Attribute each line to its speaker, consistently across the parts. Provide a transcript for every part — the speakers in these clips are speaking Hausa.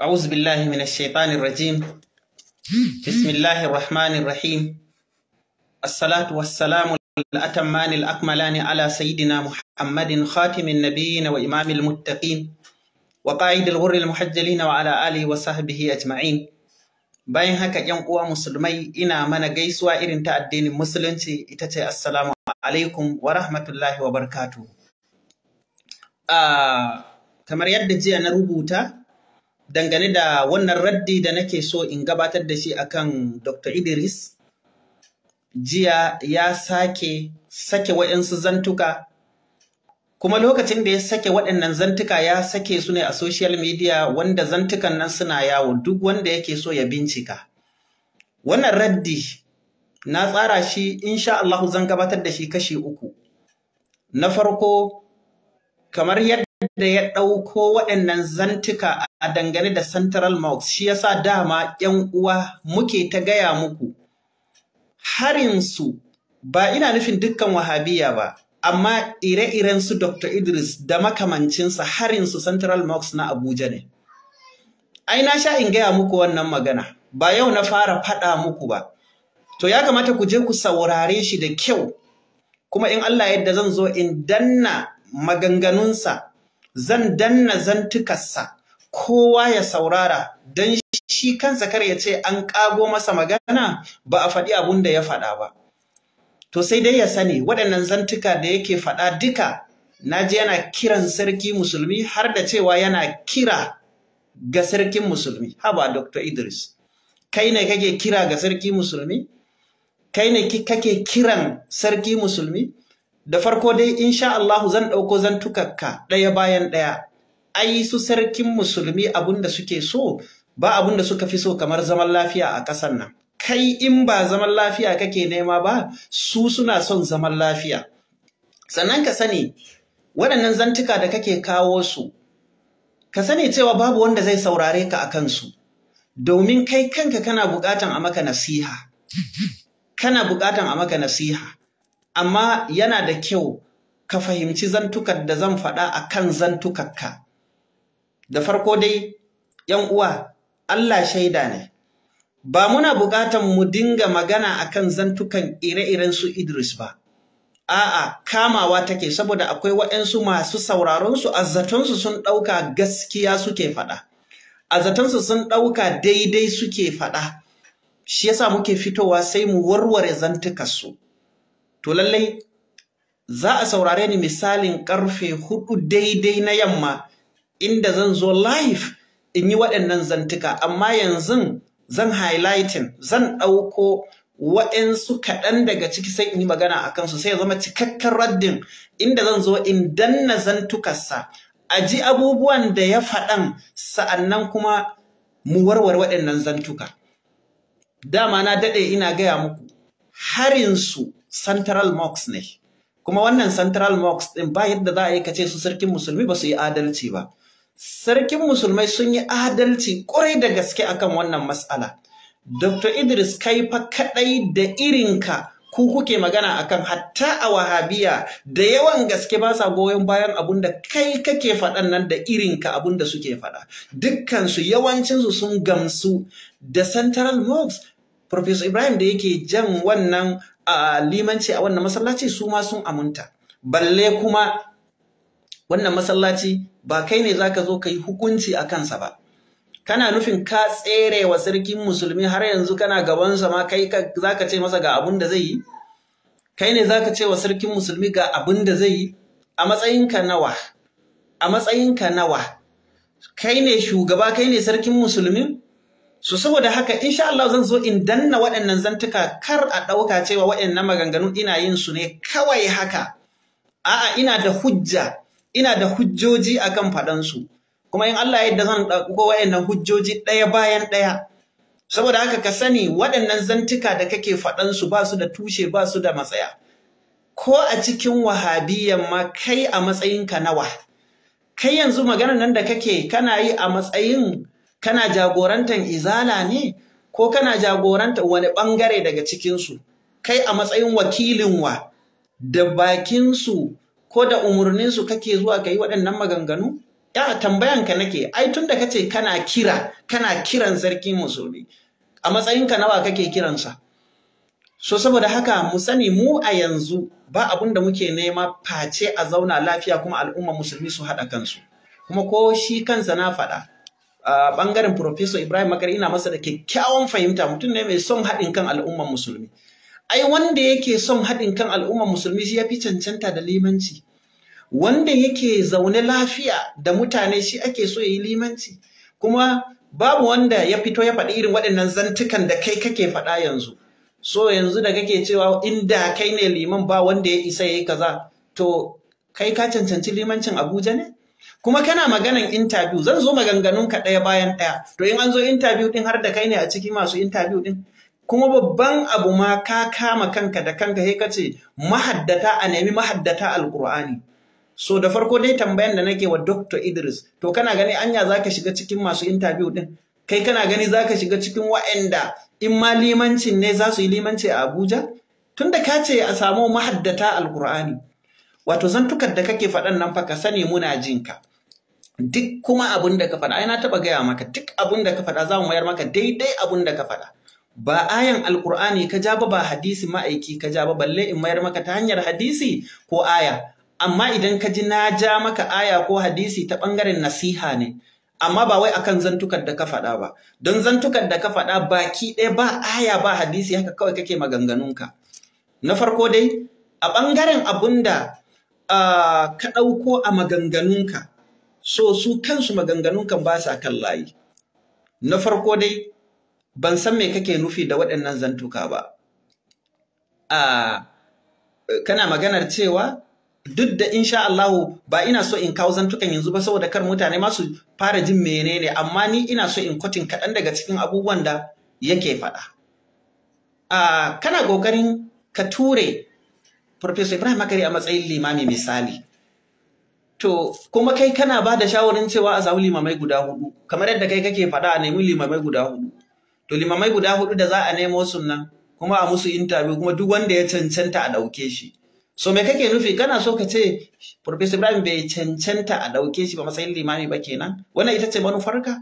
Speaker 1: أعوذ بالله من الشيطان الرجيم بسم الله الرحمن الرحيم الصلاة والسلام الأتمان الأكملان على سيدنا محمد خاتم النبيين وإمام المتقين وقائد الغر المحجلين وعلى آله وصحبه أجمعين bayan haka yan uwa musulmai ina mana gaisuwa irin ta addinin musulunci ita ce assalamu alaikum wa rahmatullahi wa barkatu kamar yadda jiya na rubuta dangane da wannan raddi da nake so in gabatar da shi akan Dr. Idris jiya ya sake sake wa'yansu zantuka kuma lokacin da ya sake waɗannan zantuka ya sake su ne a social media wanda zantukan nan suna yawo duk wanda yake so ya bincika wannan raddi na tsara shi insha Allah zan gabatar da shi kashi uku na farko kamar yadda da ya ɗauko waɗannan zantuka a dangane da Central Mox shi yasa dama ‘yan uwa muke ta gaya muku harinsu ba ina nufin dukkan wahabiya ba amma ire-iren su Dr. Idris da makamancinsa harinsu Central Mox na Abuja ne. Ai na sha in gaya muku wannan magana ba yau na fara faɗa muku ba. To ya kamata ku je ku saurare shi da kyau kuma in Allah yadda zan zo in danna maganganunsa zan danna zantukarsa kowa ya saurara don shi kansa kar ya ce an ƙago masa magana ba a faɗi abun da ya faɗa ba to sai dai ya sani waɗannan zantuka da yake faɗa duka naji yana kiran sarki musulmi har da cewa yana kira ga sarkin musulmi haba dr idris kai ne kake kira ga sarki musulmi kai ne kake kiran sarki musulmi da farko dai insha Allahu zan ɗauko tukakka ɗaya bayan ɗaya ai su sarkin musulmi abun da suke so ba abun da suka fi so kamar zaman lafiya a ƙasar nan kai in ba zaman lafiya kake nema ba su suna son zaman lafiya sannan ka sani waɗannan zantuka da kake kawo su ka sani cewa babu wanda zai saurare ka a kansu domin kai kanka kana buƙatan a maka nasiha kana buƙatan a maka nasiha amma yana da kyau ka fahimci zantukan da zan faɗa a kan zantukakka. Da farko dai, ‘yan uwa, Allah shaida ne, ba muna buƙatan mu dinga magana a kan zantukan ire-iren su Idris ba. A'a, kamawa take saboda akwai waɗansu masu sauraronsu a zatonsu sun ɗauka gaskiya suke faɗa. A zatonsu sun ɗauka daidai suke faɗa. Shi yasa muke fitowa sai mu warware zantukarsu. su. to lallai za a saurare ni misalin karfe hudu daidai na yamma inda zan zo live in yi waɗannan zantuka amma yanzu zan highlighting zan ɗauko waɗansu kaɗan daga ciki sai in yi magana a kansu sai ya zama cikakken raddin inda zan zo in danna zantukarsa a ji abubuwan da ya faɗan sa'annan kuma mu warware waɗannan zantuka dama na daɗe ina gaya muku harinsu central mosque ne kuma wannan central mosque ɗin ba yadda za a yi kace su sarkin musulmi ba su yi adalci ba sarkin musulmai sun yi adalci ƙwarai da gaske akan wannan matsala Dr. Idris kai fa kaɗai da irinka ku kuke magana akan hatta a wahabiya da yawan gaske ba sa goyon bayan abun da kai kake faɗan nan da irinka abun da suke faɗa dukkansu yawancinsu sun gamsu da central mosque Professor Ibrahim da yake jan wannan limanci a wannan masallaci su ma sun amunta balle kuma wannan masallaci ba kai ne zaka zo ka yi hukunci a kansa ba kana nufin ka tsere wa sarkin musulmi har yanzu kana gabansa ma kai zaka ce masa ga abun da zai yi kai ne zaka ce wa sarkin musulmi ga abun da zai yi a matsayinka nawa a matsayinka nawa kai ne shugaba kai ne sarkin musulmi So saboda haka insha Allah zan zo in danna waɗannan zantuka kar a ɗauka cewa waɗannan maganganu ina yin su ne kawai haka. A'a ina da hujja, ina da hujjoji akan faɗansu. Kuma in Allah yadda zan ɗauko waɗannan hujjoji ɗaya bayan ɗaya. Saboda haka ka sani waɗannan zantuka da kake faɗansu ba su da tushe ba su da matsaya. Ko a cikin wahabiyyan ma kai a matsayinka nawa. Kai yanzu maganar nan da kake kana yi a matsayin kana jagorantar izala ne ko kana jagorantar wani ɓangare daga cikinsu kai a matsayin wakilin wa da bakinsu ko da umarninsu kake zuwa ka yi waɗannan maganganu ya tambayanka nake ai tun da kace kana kira kana kiran sarki musulmi a matsayinka nawa kake kiransa so saboda haka mu sani mu a yanzu ba abun da muke nema face a zauna lafiya kuma al'umma musulmi su haɗa kansu kuma ko shi kansa na faɗa a bangaren Professor Ibrahim Makar ina masa da kyakkyawan fahimta mutum ne mai son haɗin kan al'ummar musulmi. Ai wanda yake son haɗin kan al'ummar musulmi shi ya fi cancanta da limanci. Wanda yake zaune lafiya da mutane shi ake so ya yi limanci. Kuma babu wanda ya fito ya faɗi irin waɗannan zantukan da kai kake faɗa yanzu. So yanzu da kake cewa inda kai ne liman ba wanda ya isa ya yi kaza. To kai ka cancanci limancin Abuja ne? kuma kana maganan interview zan zo maganganun ka ɗaya bayan ɗaya to in an zo interview ɗin, har da kai ne a ciki masu interview ɗin? kuma babban abu ma ka kama kanka da kanka sai ce mahaddata a nemi mahaddata alƙur'ani so da farko dai tambayan da nake wa Dr. Idris to kana gani anya zaka shiga cikin masu interview ɗin? kai kana gani zaka shiga cikin wa'anda in ma limancin ne za su yi limanci a Abuja tunda ka ce a samu mahaddata alƙur'ani wato zantukan da kake faɗan nan fa ka sani muna jin ka duk kuma abin da ka faɗa ai na taɓa gaya maka duk abun da ka faɗa za mu mayar maka daidai abin da ka faɗa ba ayan alkur'ani ka ja ba ba hadisi ma'aiki ka ja ba balle in mayar maka ta hanyar hadisi ko aya amma idan ka ji na ja maka aya ko hadisi ta ɓangaren nasiha ne amma ba wai akan zantukar da ka faɗa ba don zantukar da ka faɗa baki ɗaya ba aya ba hadisi haka kawai kake maganganunka na farko dai a ɓangaren abun da ka ɗauko a maganganunka, so su kansu maganganunkan ba sa kan layi. Na farko dai, ban san me kake nufi da waɗannan zantuka ba. A kana maganar cewa duk da insha Allahu ba ina so in kawo zantukan yanzu ba saboda kar mutane masu fara jin menene amma ni ina so in kwatin kaɗan daga cikin abubuwan da yake faɗa. A kana ƙoƙarin ka ture Professor Ibrahim Makari a matsayin limami misali. To, kuma kai kana ba da shawarin cewa a samu limamai guda hudu, kamar yadda kai kake faɗa a nemi limamai guda hudu. To, limamai guda hudu da za a nemo nan kuma a musu intabi, kuma duk wanda ya cancanta a ɗauke shi. So, me kake nufi? Kana so ka ce, Profesor Ibrahim bai cancanta a ɗauke shi ba matsayin limami ba kenan? Wannan ita ce manufarka?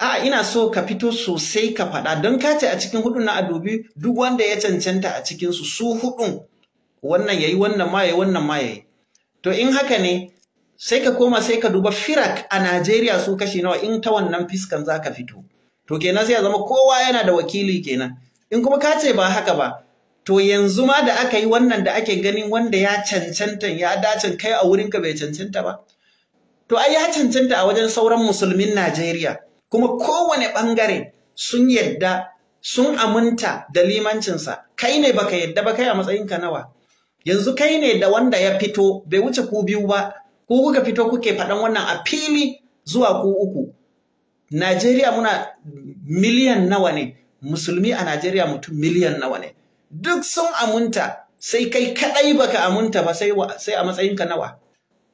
Speaker 1: a ina so ka fito sosai ka faɗa don ka ce a cikin hudun na a dubi duk wanda ya cancanta a cikinsu su hudun wannan yayi wannan ma yayi wannan ma yayi to in haka ne sai ka koma sai ka duba firak a Najeriya su kashi nawa in ta wannan fiskan za ka fito to kenan sai ya zama kowa yana da wakili kenan in kuma ka ce ba haka ba to yanzu ma da aka yi wannan da ake ganin wanda ya cancanta ya dace kai a wurin ka bai cancanta ba to ai ya cancanta a wajen sauran musulmin Najeriya kuma kowane bangare sun yadda sun aminta da limancinsa kai ne baka yadda ba kai a matsayinka nawa yanzu kai ne da wanda ya fito bai wuce ku biyu ba ku kuka fito kuke faɗan wannan a fili zuwa ku uku Najeriya muna miliyan nawa ne musulmi a Najeriya mutum miliyan nawa ne duk sun aminta sai kai kadai baka amunta ba sai sai a matsayinka nawa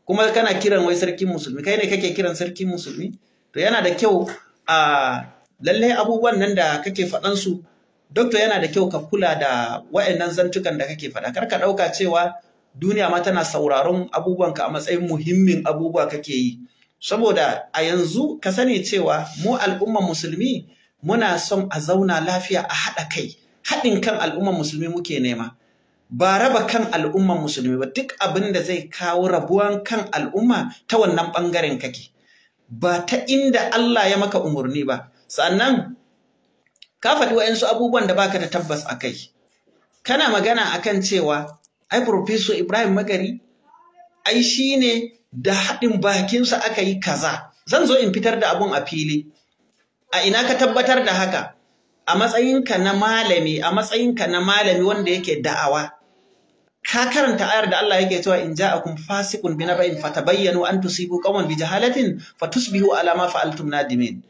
Speaker 1: kuma kana kiran wai sarkin musulmi kai ne kake kiran sarkin musulmi to yana da kyau a ah, lallai abubuwan nan da kake faɗan su dokta yana da kyau ka kula da wa'annan zantukan da kake faɗa kar ka ɗauka cewa duniya ma tana sauraron abubuwanka a matsayin muhimmin abubuwa kake yi saboda a yanzu ka sani cewa mu al'umman musulmi muna son a zauna lafiya a haɗa kai haɗin kan al'umman musulmi muke nema ba raba kan al'umman musulmi ba duk abin da zai kawo rabuwan kan al'umma ta wannan ɓangaren kake ba ta inda Allah ya maka umarni ba sannan ka faɗi wa'yansu abubuwan da baka da tabbas a kai kana magana akan cewa ai Profeso Ibrahim Magari ai shi ne da haɗin bakinsa aka yi kaza zan zo in fitar da abun a fili a ina ka tabbatar da haka a matsayinka na malami a matsayinka na malami wanda yake da'awa ka karanta ayar da Allah yake cewa in ja'akum fasiqun bi fata fatabayyanu an tusibu qauman bi jahalatin fatusbihu ala ma fa'altum nadimin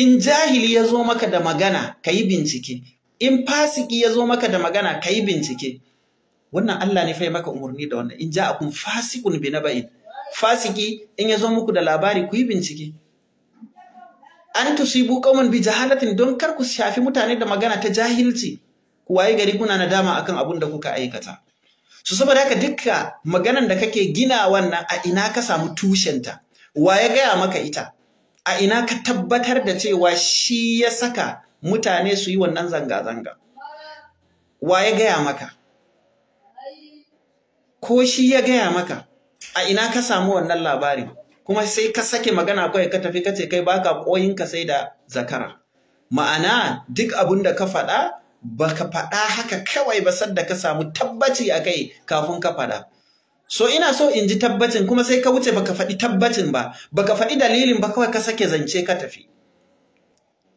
Speaker 1: in jahili ya zo maka da magana ka yi bincike in fasiki ya zo maka da magana ka yi bincike wannan Allah ne fai maka umarni da wannan in ja'akum fasiqun bi naba'in fasiki in ya zo muku da labari ku yi bincike an tusibu qauman bi jahalatin don kar ku shafi mutane da magana ta jahilci ku waye gari kuna nadama akan abun da kuka aikata su saboda haka dukka maganan da kake gina wannan a ina ka samu tushenta ya gaya maka ita a ina ka tabbatar da cewa shi ya saka mutane su yi wannan zanga-zanga wa ya gaya maka ko shi ya gaya maka a ina ka samu wannan labari kuma sai ka sake magana kawai ka tafi ka ce kai baka koyinka sai da zakara ma'ana duk abin da ka faɗa baka faɗa haka kawai ba sadda ka samu tabbaci a kai kafin ka faɗa So ina so in ji tabbacin kuma sai ka wuce baka faɗi tabbacin ba, baka faɗi dalilin ba kawai ka sake zance ka tafi.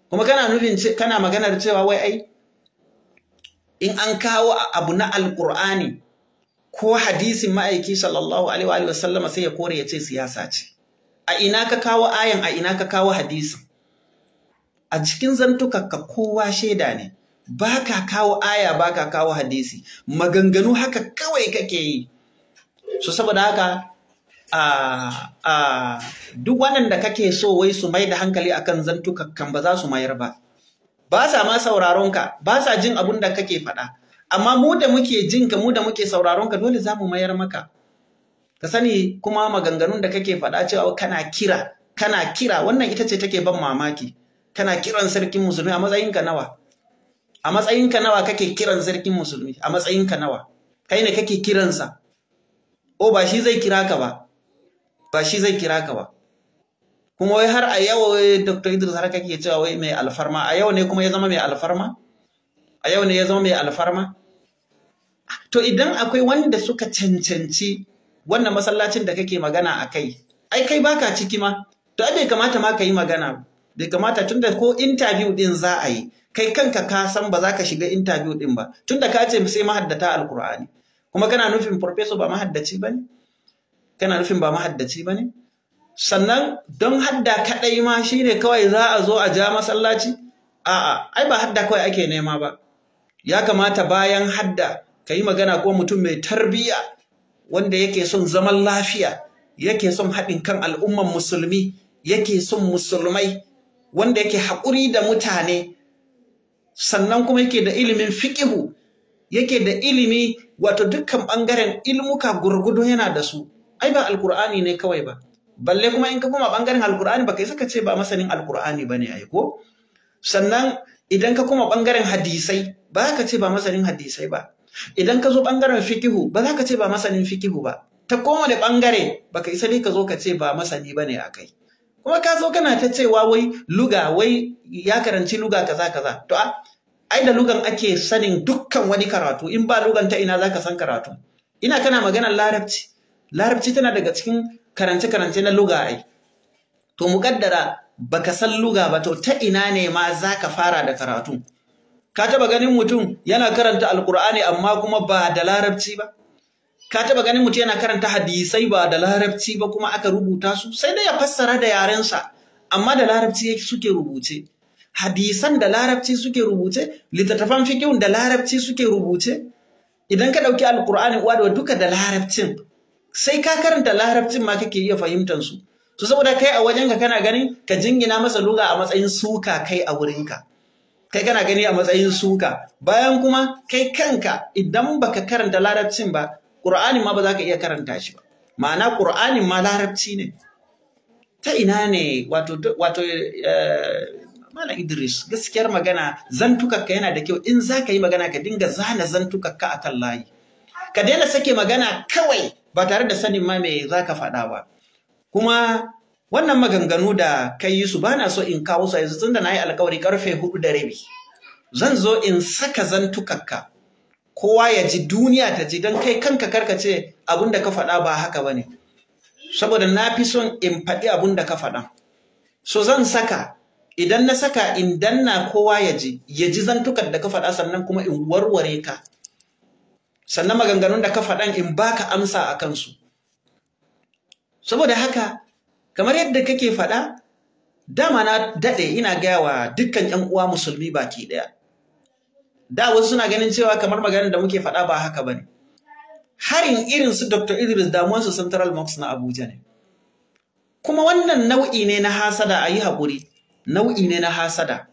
Speaker 1: Kuma kana nufin kana maganar cewa wai ai in an kawo abu na Alƙur'ani ko hadisin ma'aiki sallallahu alaihi wa sallama sai ya kore ya ce siyasa ce. A ina ka kawo ayan a ina ka kawo hadisin. A cikin zantuka ka kowa shaida ne. Ba ka kawo aya ba ka kawo hadisi. Maganganu haka kawai kake yi. so saboda haka a duk waɗanda kake so wai su mai da hankali akan kan ba za su mayar ba ba sa ma sauraron ka ba sa jin abun da kake faɗa amma mu da muke jin ka mu da muke sauraron ka dole za mu mayar maka ka sani kuma maganganun da kake faɗa cewa kana kira kana kira wannan ita ce take ban mamaki kana kiran sarkin musulmi a matsayinka nawa a matsayinka nawa kake kiran sarkin musulmi a matsayinka nawa kai ne kake kiransa o oh, ba shi zai kira ka ba ba shi zai kira ka ba kuma wai har a yau Dr. Idris har kake cewa wai mai alfarma a yau ne kuma ya zama mai alfarma a yau ne ya zama mai alfarma to idan akwai wanda suka cancanci wannan masallacin da kake magana a kai ai kai baka ciki ma to ai bai kamata ma ka yi magana bai kamata tunda ko interview ɗin za a yi kai kanka ka san ba za ka shiga interview ɗin ba tunda ka ce sai mahaddata alkur'ani kuma kana nufin farfeso ba mahaddaci ba ne kana nufin ba mahaddaci ba ne sannan don hadda kaɗai ma shine kawai za a zo a ja masallaci a'a ai ba hadda kawai ake nema ba ya kamata bayan hadda ka yi magana ko mutum mai tarbiyya wanda yake son zaman lafiya yake son haɗin kan al'umman musulmi yake son musulmai wanda yake haƙuri da mutane sannan kuma yake da ilimin fiƙihu yake da ilimi wato dukkan ɓangaren ilmuka gurgudu yana da su ai ba alkur'ani ne kawai ba balle kuma in ka koma ɓangaren alkur'ani ba kai saka ce ba masanin alkur'ani ba ne ai ko sannan idan ka koma ɓangaren hadisai ba ka ce ba masanin hadisai ba idan ka zo ɓangaren fikihu ba za ka ce ba masanin fikihu ba ta koma kowane ɓangare ba ka isa ne ka zo ka ce ba masani ba ne a kai kuma ka zo kana ta cewa wai luga wai ya karanci luga kaza kaza to a ai da lugan ake sanin dukkan wani karatu in ba lugan ta ina zaka san karatu ina kana maganar larabci larabci tana daga cikin karance karance na luga ai to ba baka san luga ba to ta ina ne ma zaka fara da karatu ka taba ganin mutum yana karanta alkur'ani amma kuma ba da larabci ba ka taba ganin mutum yana karanta hadisai ba da larabci ba kuma aka rubuta su sai dai ya fassara da yarensa amma da larabci suke rubuce hadisan da larabci suke rubuce littattafan fikihun da larabci suke rubuce idan ka ɗauki alkur'ani uwa da duka da larabcin sai ka karanta larabcin ma kake iya fahimtar su to saboda kai a wajen ka kana ganin ka jingina masa luga a matsayin suka kai a wurin ka, kai kana gani a matsayin suka bayan kuma kai kanka idan baka karanta larabcin ba Ƙur'ani ma ba za ka iya karanta shi ba ma'ana Ƙur'ani ma larabci ne ta ina ne wato eh, Mala Idris gaskiyar magana zantukakka yana da kyau in za ka yi magana ka dinga zana zantukaka a kan layi. Ka daina sake magana kawai ba tare da sanin ma mai za ka faɗa ba. Kuma wannan maganganu da kai yi su ba na so in kawo su yanzu tun da na yi alkawari karfe hudu da rabi. Zan zo in saka zantukakka kowa ya ji duniya ta ji don kai kanka ce abin da ka faɗa ba haka ba ne. Saboda na fi son in faɗi abin da ka faɗa. So zan saka idan na saka in danna kowa ya ji ya ji zantukan da ka faɗa sannan kuma in warware ka sannan maganganun da ka faɗan in baka amsa a kansu saboda haka kamar yadda kake faɗa dama na daɗe ina gaya wa dukkan ‘yan uwa musulmi baki ɗaya da wasu suna ganin cewa kamar maganin da muke faɗa ba haka ba ne harin irinsu su dr idris damuwansu central mox na abuja ne kuma wannan nau'i ne na hasada a yi haƙuri nau'i ne na hasada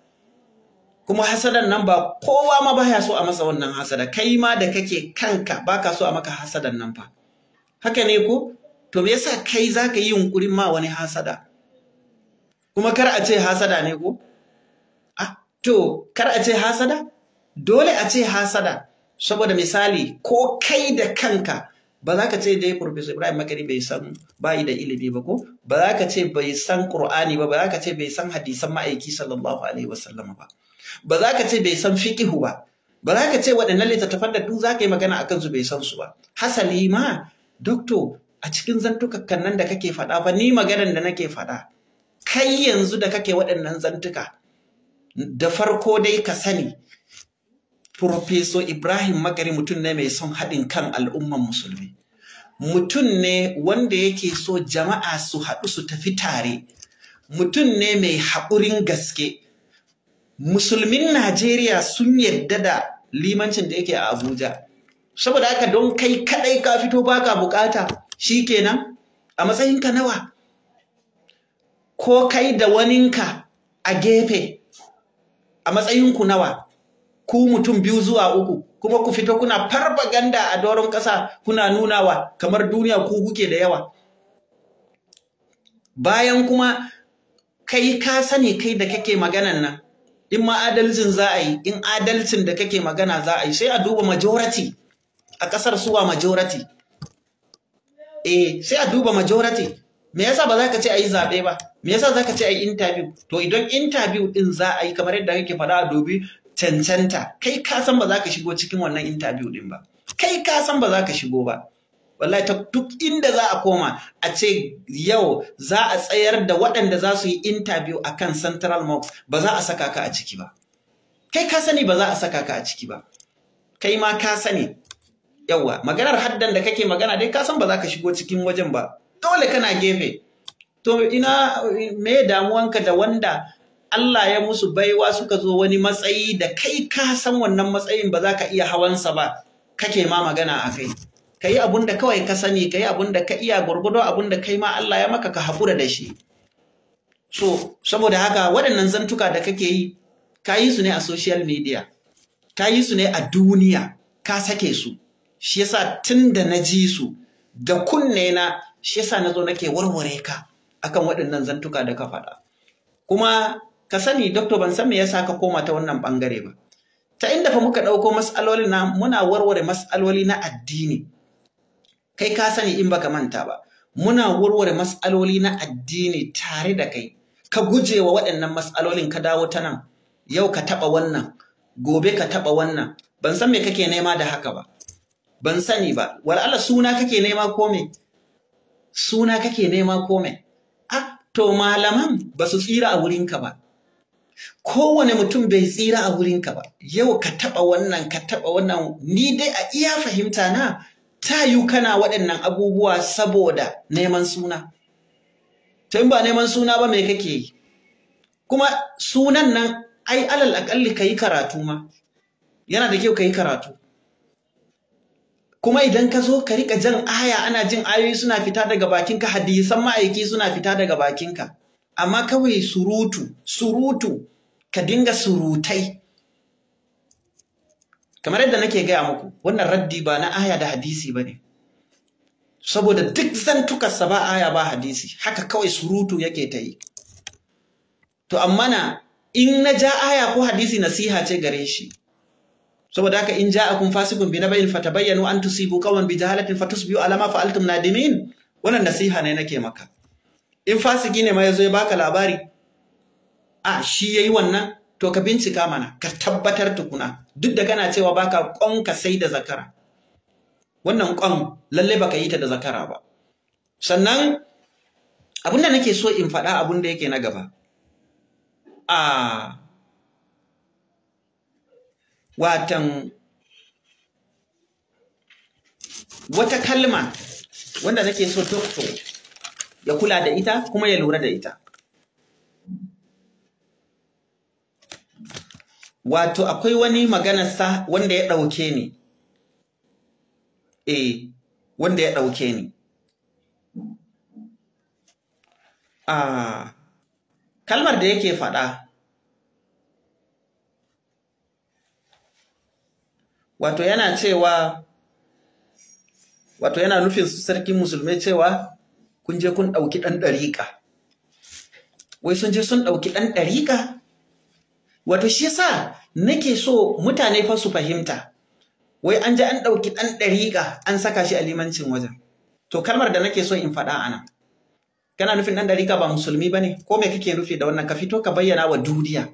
Speaker 1: kuma hasadan nan ba kowa ma baya so a masa wannan hasada kai ma da kake kanka ka so a maka hasadan nan fa haka ne ko to me yasa kai za ka yi yunkurin ma wani hasada kuma kar a ce hasada ne ko ah to kar a ce hasada dole a ce hasada saboda misali ko kai da kanka ba za ka ce dai Profesor Ibrahim Makari bai san bayi da ilimi ba ko ba za ka ce bai san Qur'ani ba ba za ka ce bai san hadisan ma'aiki sallallahu alaihi wasallam ba ba za ka ce bai san fiqihu ba ba za ka ce waɗannan littattafan da duk za ka yi magana a kansu bai san su ba hasali ma doctor a cikin zantukakan nan da kake faɗa ba ni maganar da nake faɗa kai yanzu da kake waɗannan zantuka da farko dai ka sani Profeso Ibrahim Magari mutum ne mai son haɗin kan al'umman musulmi. Mutum ne wanda yake so jama'a su haɗu su tafi tare. Mutum ne mai haƙurin gaske. Musulmin Najeriya sun yadda da limancin da yake a Abuja. Saboda haka don kai kaɗai ka fito baka buƙata shi kenan a matsayinka nawa. Ko kai da waninka a gefe a matsayinku nawa. ku mutum biyu zuwa uku kuma ku fito kuna ganda a doron ƙasa kuna nunawa kamar duniya ku kuke da yawa bayan kuma kai ka sani kai da kake maganan nan in ma adalcin za a yi in adalcin da kake magana za a yi sai a duba majority a ƙasar suwa majority eh sai a duba majority me yasa ba za ka ce a yi zaɓe ba me yasa za ka ce a yi interview to idan interview ɗin za a yi kamar yadda kake faɗa a dubi cancanta kai ka san ba za ka shigo cikin wannan interview din ba kai ka san ba za ka shigo ba wallahi ta duk inda za a koma a ce yau za a tsayar da waɗanda za su yi interview a kan central mosque ba za a saka ka a ciki ba kai ka sani ba za a saka ka a ciki ba kai ma ka sani yawa maganar haddan da kake magana dai ka san ba za ka shigo cikin wajen ba dole kana gefe to ina me damuwanka da wanda Allah ya musu baiwa suka zo wani matsayi da kai ka san wannan matsayin ba za ka iya hawansa ba kake ma magana a kai ka yi abin da kawai ka sani ka yi abin da ka iya gwargwado abin da kai ma Allah ya maka ka haƙura da shi so saboda haka waɗannan zantuka da kake yi ka yi su ne a social media ka yi su ne a duniya ka sake su shi yasa tun da na ji su da kunne na shi yasa na zo nake warware ka akan waɗannan zantuka da ka faɗa kuma ka sani doktor ban san me yasa ka koma ta wannan bangare ba ta inda fa muka ɗauko matsaloli na muna warware matsaloli na addini kai ka sani in baka manta ba muna warware matsaloli na addini tare da kai ka guje wa waɗannan mas'alolin, ka dawo ta nan yau ka taɓa wannan gobe ka taɓa wannan ban san me kake nema da haka ba ban sani ba wal'ala suna kake nema ko me suna kake nema ko me ah, to malaman ba su tsira a wurinka ba kowane mutum bai tsira a wurinka ba yau ka taɓa wannan ka taɓa wannan ni dai a iya fahimta na ta yi kana waɗannan abubuwa saboda neman suna Ta ba neman suna ba mai kake yi kuma sunan nan ai alal akalli ka yi karatu ma yana da kyau ka yi karatu kuma idan ka zo ka rika jan aya ana jin ayoyi suna fita daga bakinka hadisan ma'aiki suna fita daga bakinka amma kawai surutu surutu ka dinga surutai kamar yadda nake gaya muku wannan raddi ba na aya da hadisi ba ne saboda duk zantukarsa ba aya ba hadisi haka kawai surutu yake ta yi to amma na in na ja aya ko hadisi nasiha ce gare shi saboda haka in ja a ja'akum fasiqun bi fata bayyanu an tusibu qawman bi jahalatin fatus biyu alama fa'altum nadimin wannan nasiha ne nake maka in fasiki ne ma ya zo ya baka labari a shi ya yi wannan to ka bincika mana ka tabbatar tukuna duk da kana cewa baka kon ka sai da zakara wannan kon lalle baka yi ta da zakara ba sannan abin da nake so in faɗa abin da yake na gaba a watan wata kalma wanda nake so doctor ya kula da ita kuma ya lura da ita wato akwai wani maganarsa wanda ya ɗauke ni eh wanda ya ɗauke ni ah kalmar da yake faɗa wato yana cewa wato yana nufin sarkin Musulmi cewa kun je kun ɗauki ɗan ɗariƙa wai sun je sun ɗauki ɗan ɗariƙa wato shi yasa nake so mutane fa su fahimta wai an je an ɗauki ɗan ɗariƙa an saka shi a limancin wajen to kalmar da nake so in faɗa a nan kana nufin ɗan ɗariƙa ba musulmi ba ne ko me kake nufi da wannan ka fito ka bayyana wa duniya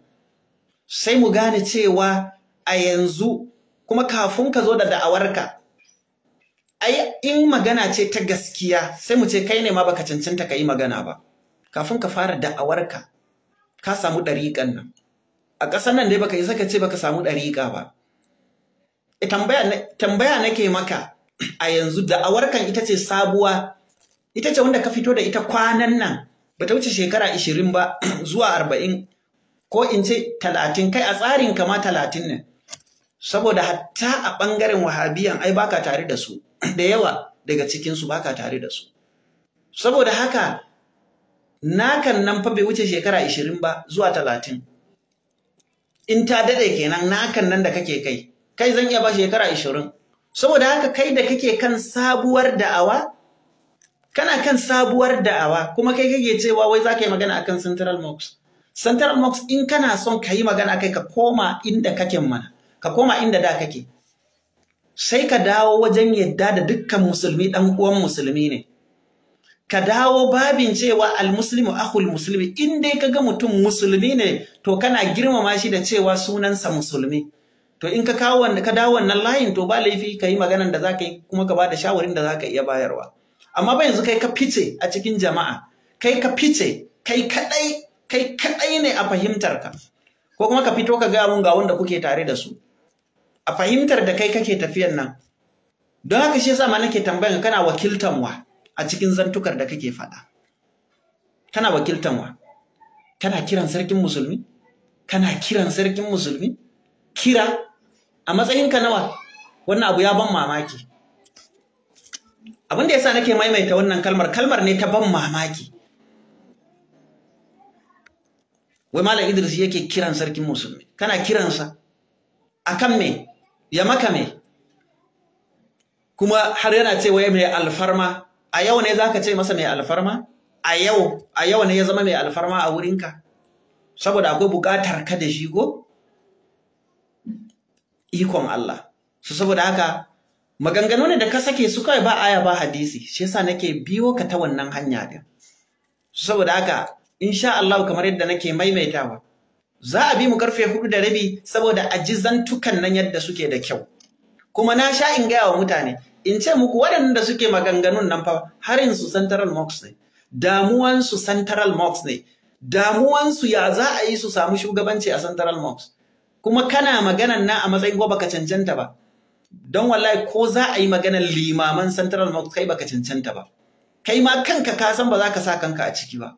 Speaker 1: sai mu gane cewa a yanzu kuma kafin ka zo da da'awarka ai in magana ce ta gaskiya sai mu ce kai ne ma baka cancanta ka yi magana ba kafin ka fara da'awarka ka samu ɗariƙan nan a ƙasar nan dai baka isa ka ce baka samu ɗariƙa ba e tambaya nake maka a yanzu da'awarkan ita ce sabuwa ita ce wanda ka fito da ita kwanan nan ba ta wuce shekara ishirin ba zuwa arba'in ko in ce talatin kai a tsarin kama talatin ne saboda hatta a ɓangaren wahabiyan ai baka tare da su da yawa daga cikinsu baka tare da su saboda haka nakan nan fa bai wuce shekara ishirin ba zuwa talatin in ta daɗe kenan nakan nan da kake kai kai zan iya ba shekara ishirin saboda haka kai da kake kan sabuwar da'awa kana kan sabuwar da'awa kuma kai kake cewa wai za ka yi magana akan central mox central mox in kana son ka yi magana kai ka koma inda kake mana ka koma inda da kake sai ka dawo wajen yadda da dukkan musulmi ɗan uwan musulmi ne ka dawo babin cewa almuslimu akhul muslimi in dai ga mutum musulmi ne to kana girmama shi da cewa sunansa musulmi to in ka kawo ka dawo wannan layin to ba laifi ka yi maganan da zaka yi kuma ka bada shawarin da ka iya bayarwa amma ba yanzu kai ka fice a cikin jama'a kai ka fice kai kadai kai kadai ne a fahimtar ka ko kuma ka fito ka ga mun ga wanda kuke tare da su a fahimtar da kai kake tafiyan nan don haka shi yasa ma nake tambayan kana wakiltan wa a cikin zantukar da kake faɗa kana wakiltan wa kana kiran sarkin musulmi kana kiran sarkin musulmi kira a matsayin ka nawa wannan abu ya ban mamaki abin da yasa nake maimaita wannan kalmar kalmar ne ta ban mamaki wai malam Idris yake kiran sarkin musulmi kana kiransa akan me ya maka makame kuma har yana ce wai mai alfarma a yau ne za ka ce masa mai alfarma a yau a yau ne ya zama mai alfarma a wurinka saboda akwai buƙatar ka da shi ikon Allah su saboda haka maganganu ne da ka sake su kawai ba aya ba hadisi shi yasa nake biyo ka ta wannan hanya din saboda haka in sha Allah kamar yadda nake maimaitawa za a bi mu karfe hudu da rabi saboda zantukan nan yadda suke da kyau kuma na sha in gaya wa mutane in ce muku waɗanda suke maganganun nan fa harin su central mox ne Damuwansu central mox ne damuwan ya za a yi su samu shugabanci a central mox kuma kana maganan na a matsayin ko baka cancanta ba don wallahi ko za a yi maganan limaman central mox kai baka cancanta ba kai ma kanka ka san ba za ka sa kanka a ciki ba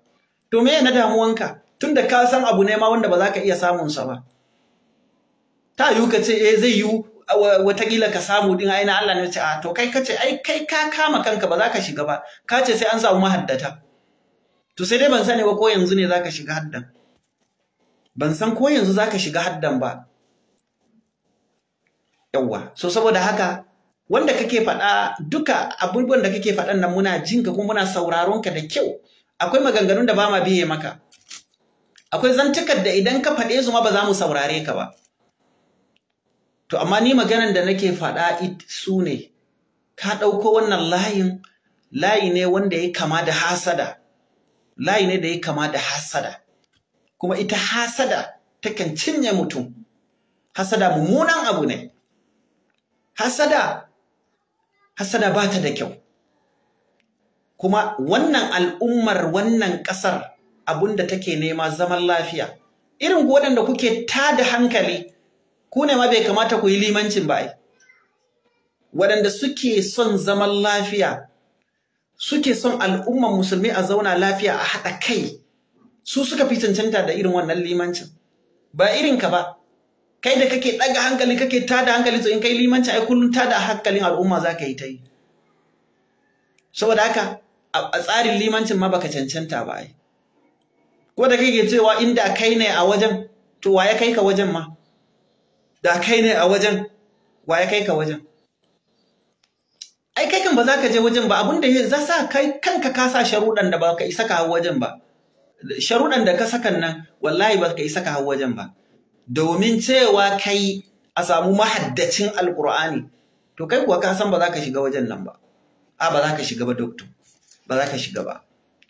Speaker 1: to me na damuwanka tun da ka san abu ne ma wanda ba za ka iya samun sa ba ta yiwu ka ce eh zai yiwu watakila ka samu din aina Allah ne ce a ah, to kai ka ce ai kai ka kama kanka ba za ka shiga ba ka ce sai an samu mahaddata to sai dai ban sani ba ko yanzu ne za ka shiga haddan ban san ko yanzu za ka shiga haddan ba yawwa so saboda haka wanda kake faɗa duka abubuwan da kake faɗan nan muna jinka kuma muna sauraron ka da kyau akwai maganganun da ba ma biye maka akwai zantukar da idan ka faɗe zuma ba za mu saurare ka ba to amma ni maganan da nake faɗa su ne ka ɗauko wannan layin layi ne wanda ya kama da hasada layi ne da ya kama da hasada kuma ita hasada takan cinye mutum hasada mummunan abu ne hasada hasada ba ta da kyau kuma wannan al'ummar wannan ƙasar abun da take nema zaman lafiya irin waɗanda kuke tada hankali ku ne ma bai kamata ku yi limancin ba waɗanda suke son zaman lafiya suke son al'umman musulmi a zauna lafiya a haɗa kai su suka fi cancanta da irin wannan limancin ba irin ka ba kai da kake ɗaga hankali kake tada hankali to in kai limancin ai kullum tada hankalin al'umma za ka yi ta yi saboda haka a tsarin limancin ma baka cancanta ba ko da kake cewa inda kai ne a wajen to wa ya kai ka wajen ma da kai ne a wajen wa ya kai ka wajen ai kai kan ba za ka je wajen ba abin da za sa kai kanka ka sa sharuɗan da ba ka isa ka hau wajen ba sharuɗan da ka sakan nan wallahi ba ka isa ka hau wajen ba domin cewa kai a samu mahaddacin alkur'ani to kai kuwa ka san ba za ka shiga wajen nan ba a ba za ka shiga ba doctor ba za ka shiga ba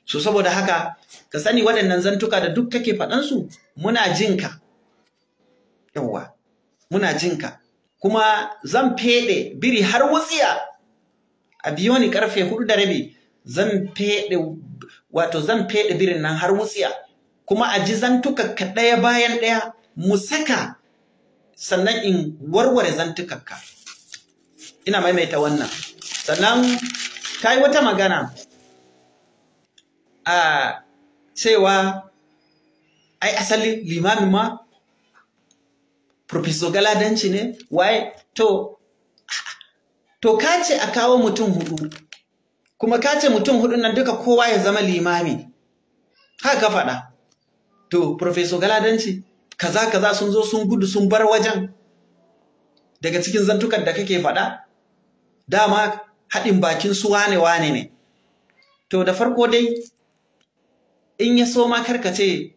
Speaker 1: so saboda haka ka sani waɗannan zantuka da duk kake faɗansu muna jinka yawwa muna jinka kuma zan feɗe biri har wutsiya a biyo ni karfe hudu da rabi zan feɗe wato zan feɗe birin nan har wutsiya kuma a ji zantuka ka ɗaya bayan ɗaya mu saka sannan in warware zantukanka ina maimaita wannan sannan ka yi wata magana a cewa ai asali limamin ma Profeso Galadanci ne waye to to kace a kawo mutum hudu kuma kace mutum hudun nan duka kowa ya zama limami haka ka faɗa to Profeso Galadanci kaza kaza sun zo sun gudu sun bar wajen daga cikin zantukan da kake faɗa dama haɗin bakin su wane wane ne to da farko dai in ya so ma karka ce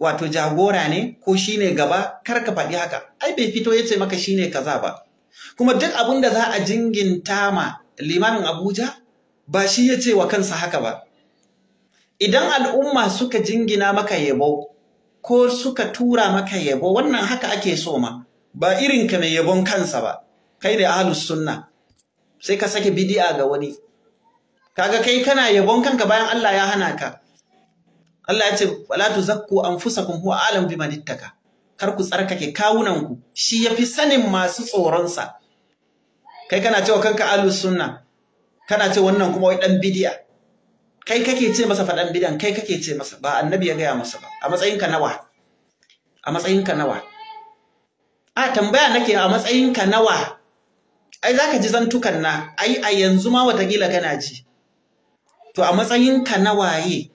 Speaker 1: wato jagora ne ko shine gaba karka faɗi haka ai bai fito ya ce maka shine kaza ba kuma duk abin da za a jinginta ma limamin Abuja ba shi ya ce wa kansa haka ba idan al'umma suka jingina maka yabo ko suka tura maka yabo wannan haka ake so ma ba irin ka mai yabon kansa ba kai da ahlus sunna sai ka sake bidi'a ga wani kaga kai kana yabon kanka bayan Allah ya hana ka Allah ya ce wala tuzakku anfusakum huwa alam biman ittaka kar ku tsarkake kawunan ku shi yafi sanin masu tsoron sa kai kana cewa kanka alu sunna kana ce wannan kuma wai dan bid'a kai kake ce masa fa dan bid'an kai kake ce masa ba annabi ya gaya masa ba a matsayinka nawa a matsayinka nawa a tambaya nake a matsayinka nawa ai zaka ji zantukan na ai a yanzu ma wata gila, kana ji to a matsayinka yi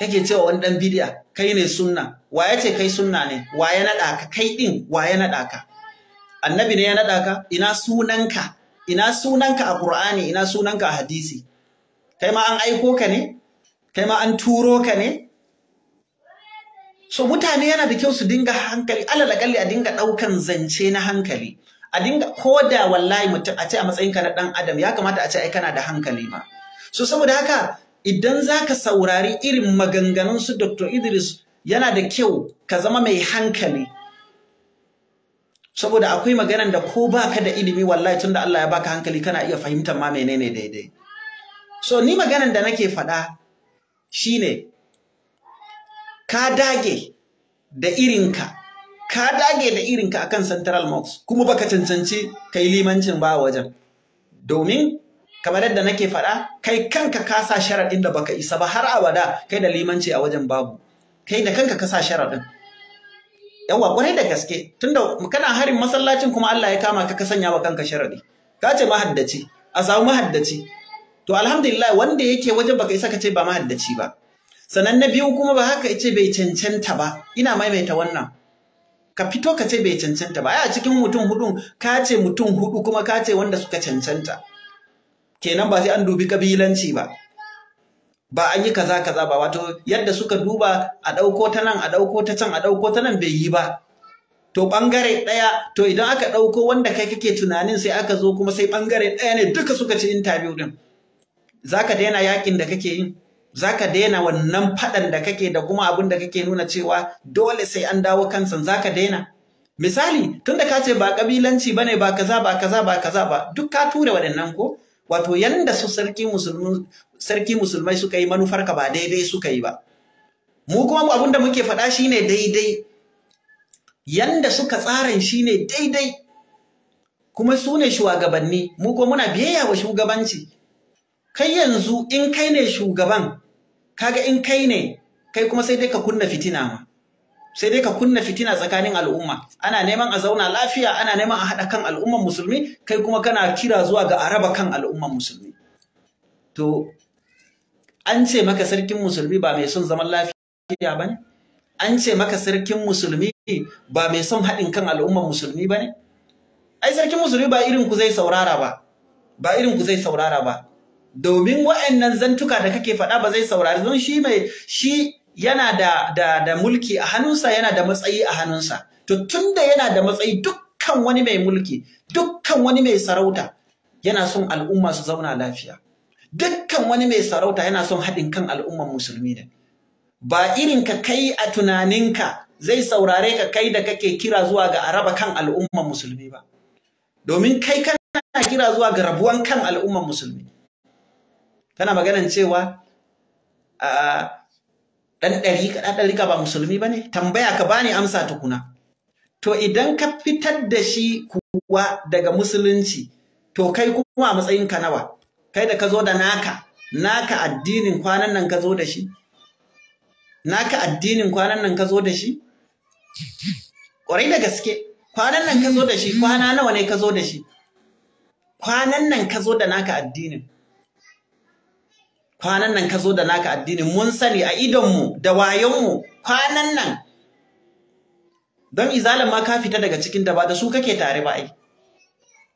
Speaker 1: kake cewa wani dan bidiya kai ne sunna wa ya ce kai sunna ne wa ya naɗa ka kai ɗin wa ya naɗa ka annabi ne ya naɗa ka ina sunanka ina sunanka a Kur'ani? ina sunanka a hadisi kai ma an aiko ka ne kai ma an turo ka ne so mutane yana da kyau su dinga hankali alal akalli a dinga ɗaukan zance na hankali a dinga ko da wallahi mutum a ce a matsayinka na ɗan adam ya kamata a ce ai kana da hankali ma so saboda haka idan za ka saurari irin maganganun su Dr. Idris yana da kyau ka zama mai hankali. Saboda akwai maganan da ko baka da ilimi wallahi tun da Allah ya baka hankali kana iya fahimtar ma menene daidai. So ni maganan da nake faɗa shine ka dage da irinka ka dage da irinka akan Central Mosque kuma baka cancanci kai limancin ba wajen. Domin kamar yadda nake faɗa kai kanka ka sa sharaɗin da baka isa ba har abada kai da limanci a wajen babu kai da kanka ka sa sharaɗin yawa kwarai da gaske tunda kana harin masallacin kuma Allah ya kama ka ka sanya wa kanka sharaɗi ka ce mahaddaci a samu mahaddaci to alhamdulillah wanda yake wajen baka isa ka ce ba mahaddaci ba sannan na biyu kuma ba haka ce bai cancanta ba ina maimaita wannan ka fito ka ce bai cancanta ba ai a cikin mutum hudu ka ce mutum hudu kuma ka ce wanda suka cancanta kenan ba sai an dubi kabilanci ba ba an yi kaza kaza ba wato yadda suka duba a ɗauko ta nan a ɗauko ta can a ɗauko ta nan bai yi ba to ɓangare ɗaya to idan aka ɗauko wanda kai kake tunanin sai aka zo kuma sai ɓangare ɗaya ne duka suka ci intabiyu ɗin zaka daina yakin da kake yi zaka daina wannan faɗan da kake da kuma abin da kake nuna cewa dole sai an dawo kansa zaka daina misali tunda ka ce ba kabilanci bane ba kaza ba kaza ba kaza ba duk ka ture waɗannan ko wato yanda su sarki musulmai suka yi manufar ka ba daidai suka yi ba mu kuma abin da muke faɗa shine daidai yanda suka tsarin shine daidai kuma su ne shugabanni mu kuma muna biyayya wa shugabanci kai yanzu in kai ne shugaban kaga in kai ne kai kuma sai dai ka kunna fitina ma sai dai ka kunna fitina tsakanin al'umma ana neman a zauna lafiya ana neman a haɗa kan al'umman musulmi kai kuma kana kira zuwa ga araba kan al'umman musulmi to an ce maka sarkin musulmi ba mai son zaman lafiya ba ne an ce maka sarkin musulmi ba mai son haɗin kan al'umman musulmi ba ne ai sarkin musulmi ba irin ku zai saurara ba ba irin ku zai saurara ba domin wa'annan zantuka da kake faɗa ba zai saurari don shi mai shi yana da, da, da mulki a hannunsa yana da matsayi a hannunsa to tunda yana da matsayi dukkan wani mai mulki dukkan wani mai sarauta yana son al'umma su zauna lafiya dukkan wani mai sarauta yana son haɗin kan al'umman musulmi ne ba irin ka kai a tunaninka zai saurare ka kai da kake kira zuwa ga araba kan al'umman musulmi ba domin kai kana kira zuwa ga rabuwan kan al'umman musulmi kana maganan cewa uh, ɗan kaɗa ɗari ka ba musulmi ba ne tambaya ka bani amsa tukuna to idan ka fitar da shi kuwa daga musulunci to kai kuma a matsayin ka nawa kai da ka zo da naka naka addinin kwanan nan ka zo da shi naka addinin kwanan nan ka zo da shi ƙwarai da gaske kwanan nan ka zo da shi kwana nawa ne ka zo da shi kwanan nan ka zo da naka addinin kwanan nan ka zo da naka addini mun sani a idonmu da wayonmu kwanan nan don izalin ma ka fita daga cikin da ba da su kake tare ba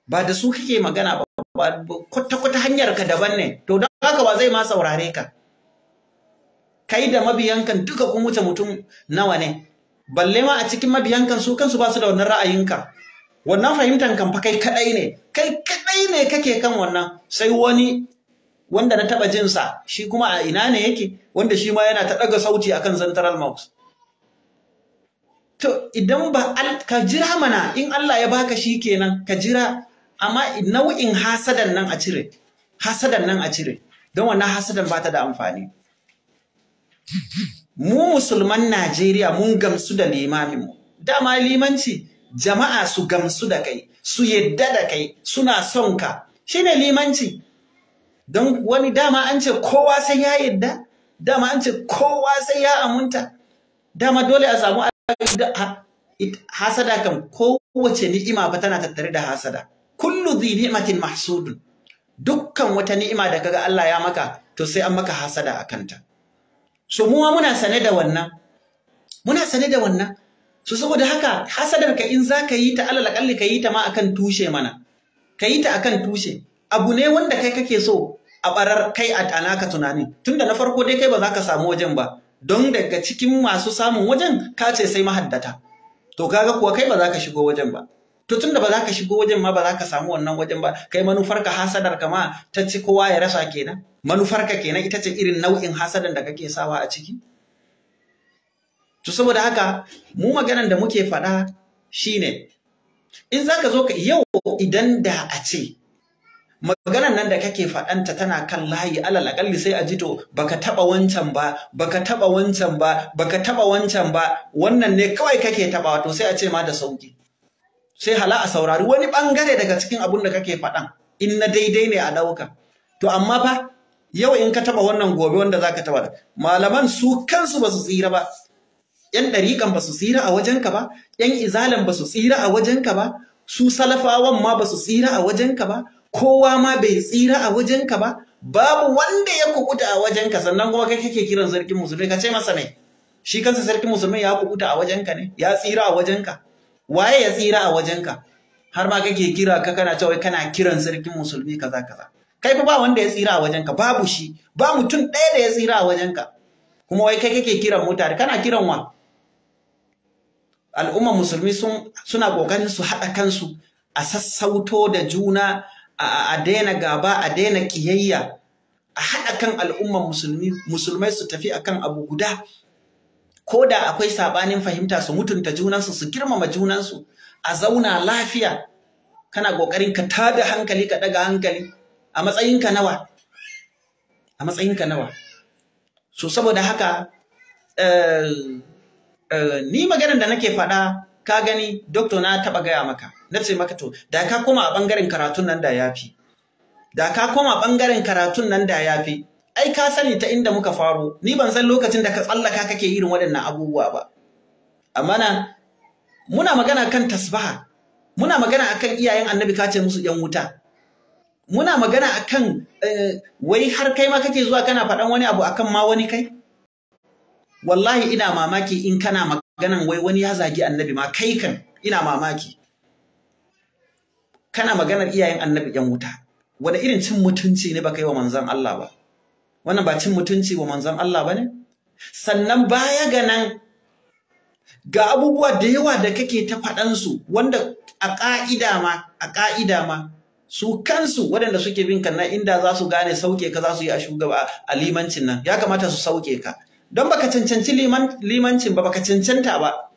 Speaker 1: ba da su kake magana ba kwata-kwata hanyar ka daban ne to don haka ba zai ma saurare ka kai da mabiyankan duka kun wuce mutum nawa ne balle ma a cikin mabiyankan su kansu ba su da wannan ra'ayinka wannan fahimtar kan fa kai kadai ne kai kadai ne kake kan wannan sai wani wanda na taɓa jinsa, shi kuma a ina ne yake wanda shi ma yana ta ɗaga sauti akan central mouth to idan ba ka jira mana in Allah ya baka shi kenan ka jira amma nau'in hasadan nan a cire hasadan nan a cire don wannan hasadan ba ta da amfani mu musulman Najeriya mun gamsu da limamin mu dama limanci jama'a su gamsu da kai su yadda da kai suna son ka shi ne limanci don wani dama an ce kowa sai ya yadda dama an ce kowa sai ya amunta dama dole a samu hasada kan kowace ni'ima fa tana tattare da hasada kullu dhi ni'matin mahsudun dukkan wata ni'ima da kaga Allah ya maka to sai an maka hasada a kanta so muwa muna sane da wannan muna sane da wannan so saboda haka hasadar ka in za ka yi ta alalakalli ka yi ta ma akan tushe mana ka yi ta akan tushe abu ne wanda kai kake so a barar kai a anaka tunanin tunda na farko dai kai ba za ka samu wajen ba don daga cikin masu samun wajen ka ce sai mahaddata to kaga kuwa kai ba za ka shigo wajen ba to tunda ba za ka shigo wajen ma ba za ka samu wannan wajen ba kai manufar ka hasadar kama ta ci kowa ya rasa kenan Manufar ka kenan ita ce irin nau'in hasadan da kake sawa a ciki to saboda haka mu maganan da muke faɗa shine in za ka zo ka yau idan da a ce maganan nan da kake faɗanta tana kan layi alal akalli sai a ji to baka taɓa wancan ba baka taɓa wancan ba baka taɓa wancan ba wannan ne kawai kake taɓa to sai a ce ma da sauki sai hala a saurari wani ɓangare daga cikin abun da kake faɗan in na daidai ne a ɗauka to amma fa yau in ka taɓa wannan gobe wanda zaka taba malaman su kansu ba su tsira ba yan ɗariƙan ba su tsira a wajenka ba yan izalan ba su tsira a wajenka ba su salafawan ma ba su tsira a wajenka ba kowa ma bai tsira a wajenka ba babu wanda ya kukuta a wajenka sannan kuma kai kake kiran sarkin musulmi ka ce masa mai shi kansa sarkin musulmi ya kukuta a wajenka ne ya tsira a wajenka waye ya tsira a wajenka har ma kake kira ka kana cewa kana kiran sarkin musulmi kaza kaza kai fa ba wanda ya tsira a wajenka babu shi ba mutum ɗaya da ya tsira a wajenka kuma wai kai kake kiran mutane kana kiran wa al'ummar musulmi suna ƙoƙarin su haɗa kansu a sassauto da juna a daina gaba a daina kiyayya a haɗa kan al'umman musulmai su tafi a kan abu guda ko da akwai saɓanin fahimta su mutunta junansu su girmama junansu a zauna lafiya kana ƙoƙarin ka tada hankali ka ɗaga hankali a matsayinka nawa a matsayinka nawa so saboda haka eh, eh, ni maganar da nake faɗa ka gani doctor na taba gaya maka na ce maka to da ka koma a bangaren karatun nan da yafi da ka koma bangaren karatun nan da yafi ai ka sani ta inda muka faro ni ban san lokacin da ka tsallaka kake irin waɗannan abubuwa ba amma na muna magana kan tasbaha muna magana akan iyayen annabi ka ce musu yan wuta muna magana akan eh, wai har kai ma kake zuwa kana faɗan wani abu akan ma wani kai wallahi ina mamaki in kana maganan wai wani ya zagi annabi ma kai kan ina mamaki kana maganar iyayen annabi yan wuta wani irin cin mutunci ne baka yi wa manzon Allah ba wannan ba cin mutunci wa manzon Allah ba ne sannan baya ga nan ga abubuwa da yawa da kake ta faɗansu wanda a ƙa'ida ma a ƙa'ida ma su kansu waɗanda suke bin kan na, inda za su gane sauke ka za su yi a shugaba a limancin nan ya kamata su sauke ka don baka cancanci limancin ba baka cancanta ba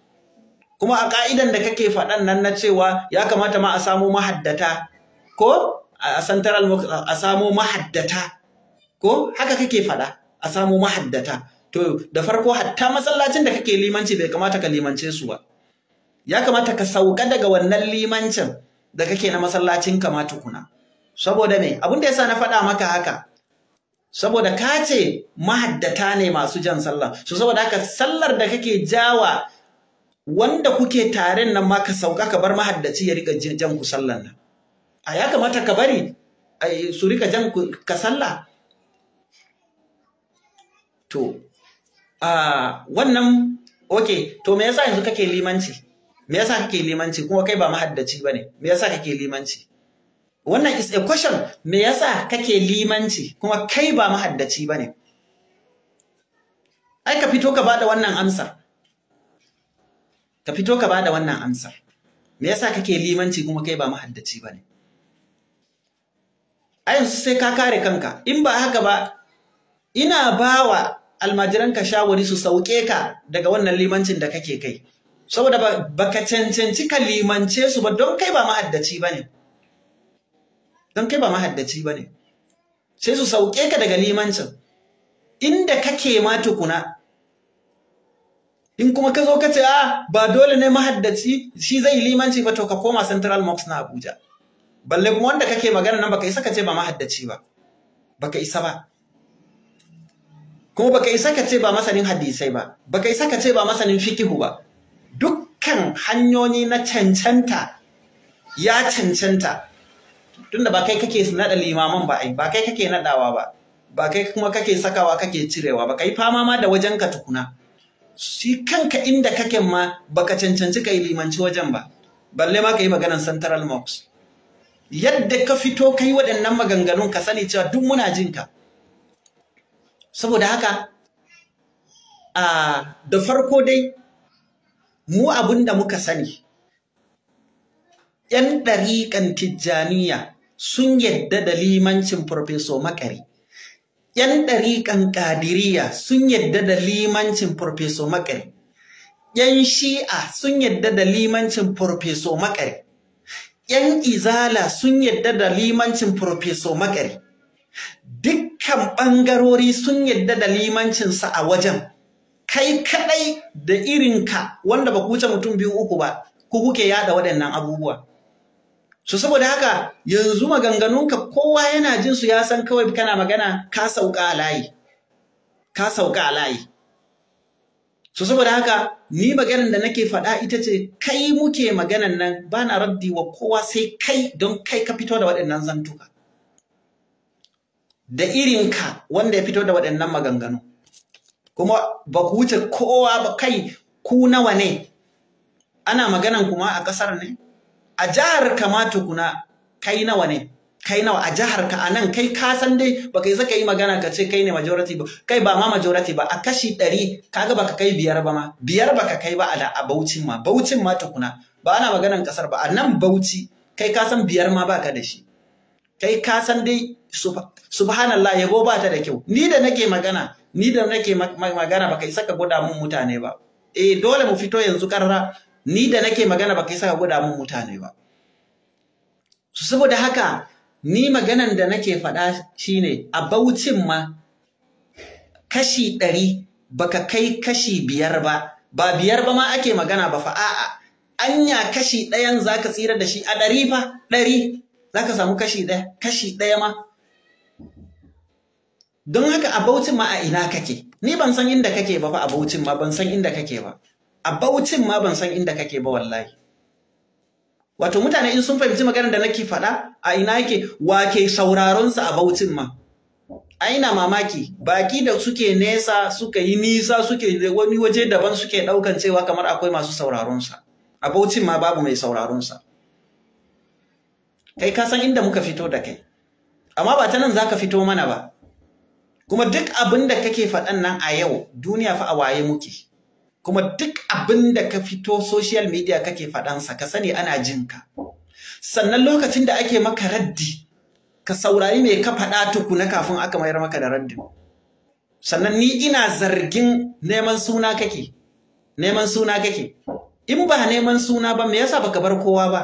Speaker 1: kuma a ƙa'idan da kake faɗan nan na cewa ya kamata ma a samu mahaddata ko a santaral a samu mahaddata ko haka kake faɗa a samu mahaddata to da farko hatta masallacin da kake limanci bai kamata ka limance su ba ya kamata ka sauka daga wannan limancin da kake na masallacin kama tukuna saboda me abin da yasa na faɗa maka haka saboda ka ce mahaddata ne masu jan sallah so saboda haka sallar da kake jawa wanda kuke taren nan ma ka sauka ka bar mahaddaci ya rika jan ku sallar nan a ya kamata ka bari su rika jan ka sallah to a wannan okay to me yasa yanzu kake limanci me yasa kake limanci kuma kai ba mahaddaci bane me yasa kake limanci wannan is a question me yasa kake limanci kuma kai ba mahaddaci bane ai ka fito ka bada wannan amsa ka fito ka bada wannan amsa me yasa kake limanci kuma kai ba mahaddaci bane a yanzu sai ka kare kanka in ba haka ba ina bawa ka shawari su sauke ka daga wannan limancin da kake kai saboda baka cancanci ka limance su ba don kai ba mahaddaci bane ne don kai ba mahaddaci ba ne sai su sauke ka daga limancin inda kake ma tukuna in kuma ka zo ka ce a ah, ba dole ne mahaddaci shi zai limanci ba to ka koma central mox na abuja balle kuma wanda kake magana nan baka isa ka ce ba mahaddaci ba baka isa ba kuma baka isa ka ce ba masanin hadisai ba baka isa ka ce ba masanin fikihu ba dukkan hanyoyi na cancanta ya cancanta tunda ba kai kake naɗa limaman ba ai ba kai kake naɗawa ba ba kai kuma kake sakawa kake cirewa ba kai fama ma da wajen ka tukuna shi kanka inda kake ma baka cancanci kai limanci wajen ba balle ma kai maganan central mox yadda ka fito kai waɗannan maganganun ka sani cewa duk muna jin ka saboda haka a ah, da farko dai mu abin da muka sani ‘yan ɗariƙan Tijjaniya sun yadda da limancin Farfeso Makari. ‘Yan ɗariƙan Ƙadiriya sun yadda da limancin Farfeso Makari. ‘Yan Shi'a sun yadda da limancin Farfeso Makari. ‘Yan Izala sun yadda da limancin Farfeso Makari. Dukkan ɓangarori sun yadda da limancinsa a wajen. Kai kaɗai da irinka wanda ba ku wuce mutum biyu uku ba, ku kuke yaɗa waɗannan abubuwa. So saboda haka yanzu maganganunka kowa yana jin su ya san kawai kana magana ka sauka a layi. Ka sauka a layi. So saboda haka ni maganar da nake faɗa ita ce kai muke maganan nan ba na raddi wa kowa sai kai don kai ka fito da waɗannan zantuka. Da irin ka wanda ya fito da waɗannan maganganu. Kuma ba ku wuce kowa ba kai ku nawa ne. Ana maganan kuma a ƙasar ne. a jihar kama tukuna kai nawa ne kai nawa a jihar ka anan kai ka san dai baka isa yi magana ka ce kai ne majority ba kai ba ma majority ba a kashi ɗari kaga baka kai biyar ba ma biyar baka kai ba a Bauchin ma Bauchin ma tukuna ba ana maganan kasar ba a nan Bauchi kai ka san biyar ma baka da shi kai ka san dai subhanallah yabo ba ta da kyau ni da nake magana ni da nake magana baka isa ka gwada mun mutane ba eh dole mu fito yanzu karra ni da nake magana ba kai saka gwada mun mutane ba saboda haka ni maganan da nake faɗa shine a baucin ma kashi ɗari baka kai kashi biyar ba ba biyar ba ma ake magana ba fa a'a anya kashi ɗayan za ka tsira da shi a ɗari fa ɗari Za ka samu kashi ɗaya kashi ɗaya ma don haka a bautin ma a ina kake ni ban san inda kake ba fa a bautin ma ban san inda kake ba a Baucin ma ban san inda kake ba wallahi wato mutane in sun fahimci maganar da nake faɗa a ina yake wake sauraron sa a Baucin ma aina mamaki baki da suke nesa suka yi nisa suke wani waje daban suke ɗaukan cewa kamar akwai masu sauraron sa a Baucin ma babu mai sauraron sa kai ka san inda muka fito da kai amma ba ta nan zaka fito mana ba kuma duk abin da kake faɗan nan a yau duniya fa a waye muke kuma duk abin da ka fito social media kake faɗansa ka sani ana jin ka sannan lokacin da ake maka raddi ka saurari me ka faɗa tukuna kafin aka mayar maka da raddi. sannan ni ina zargin neman suna kake neman suna kake in ba neman suna ba me yasa baka bar kowa ba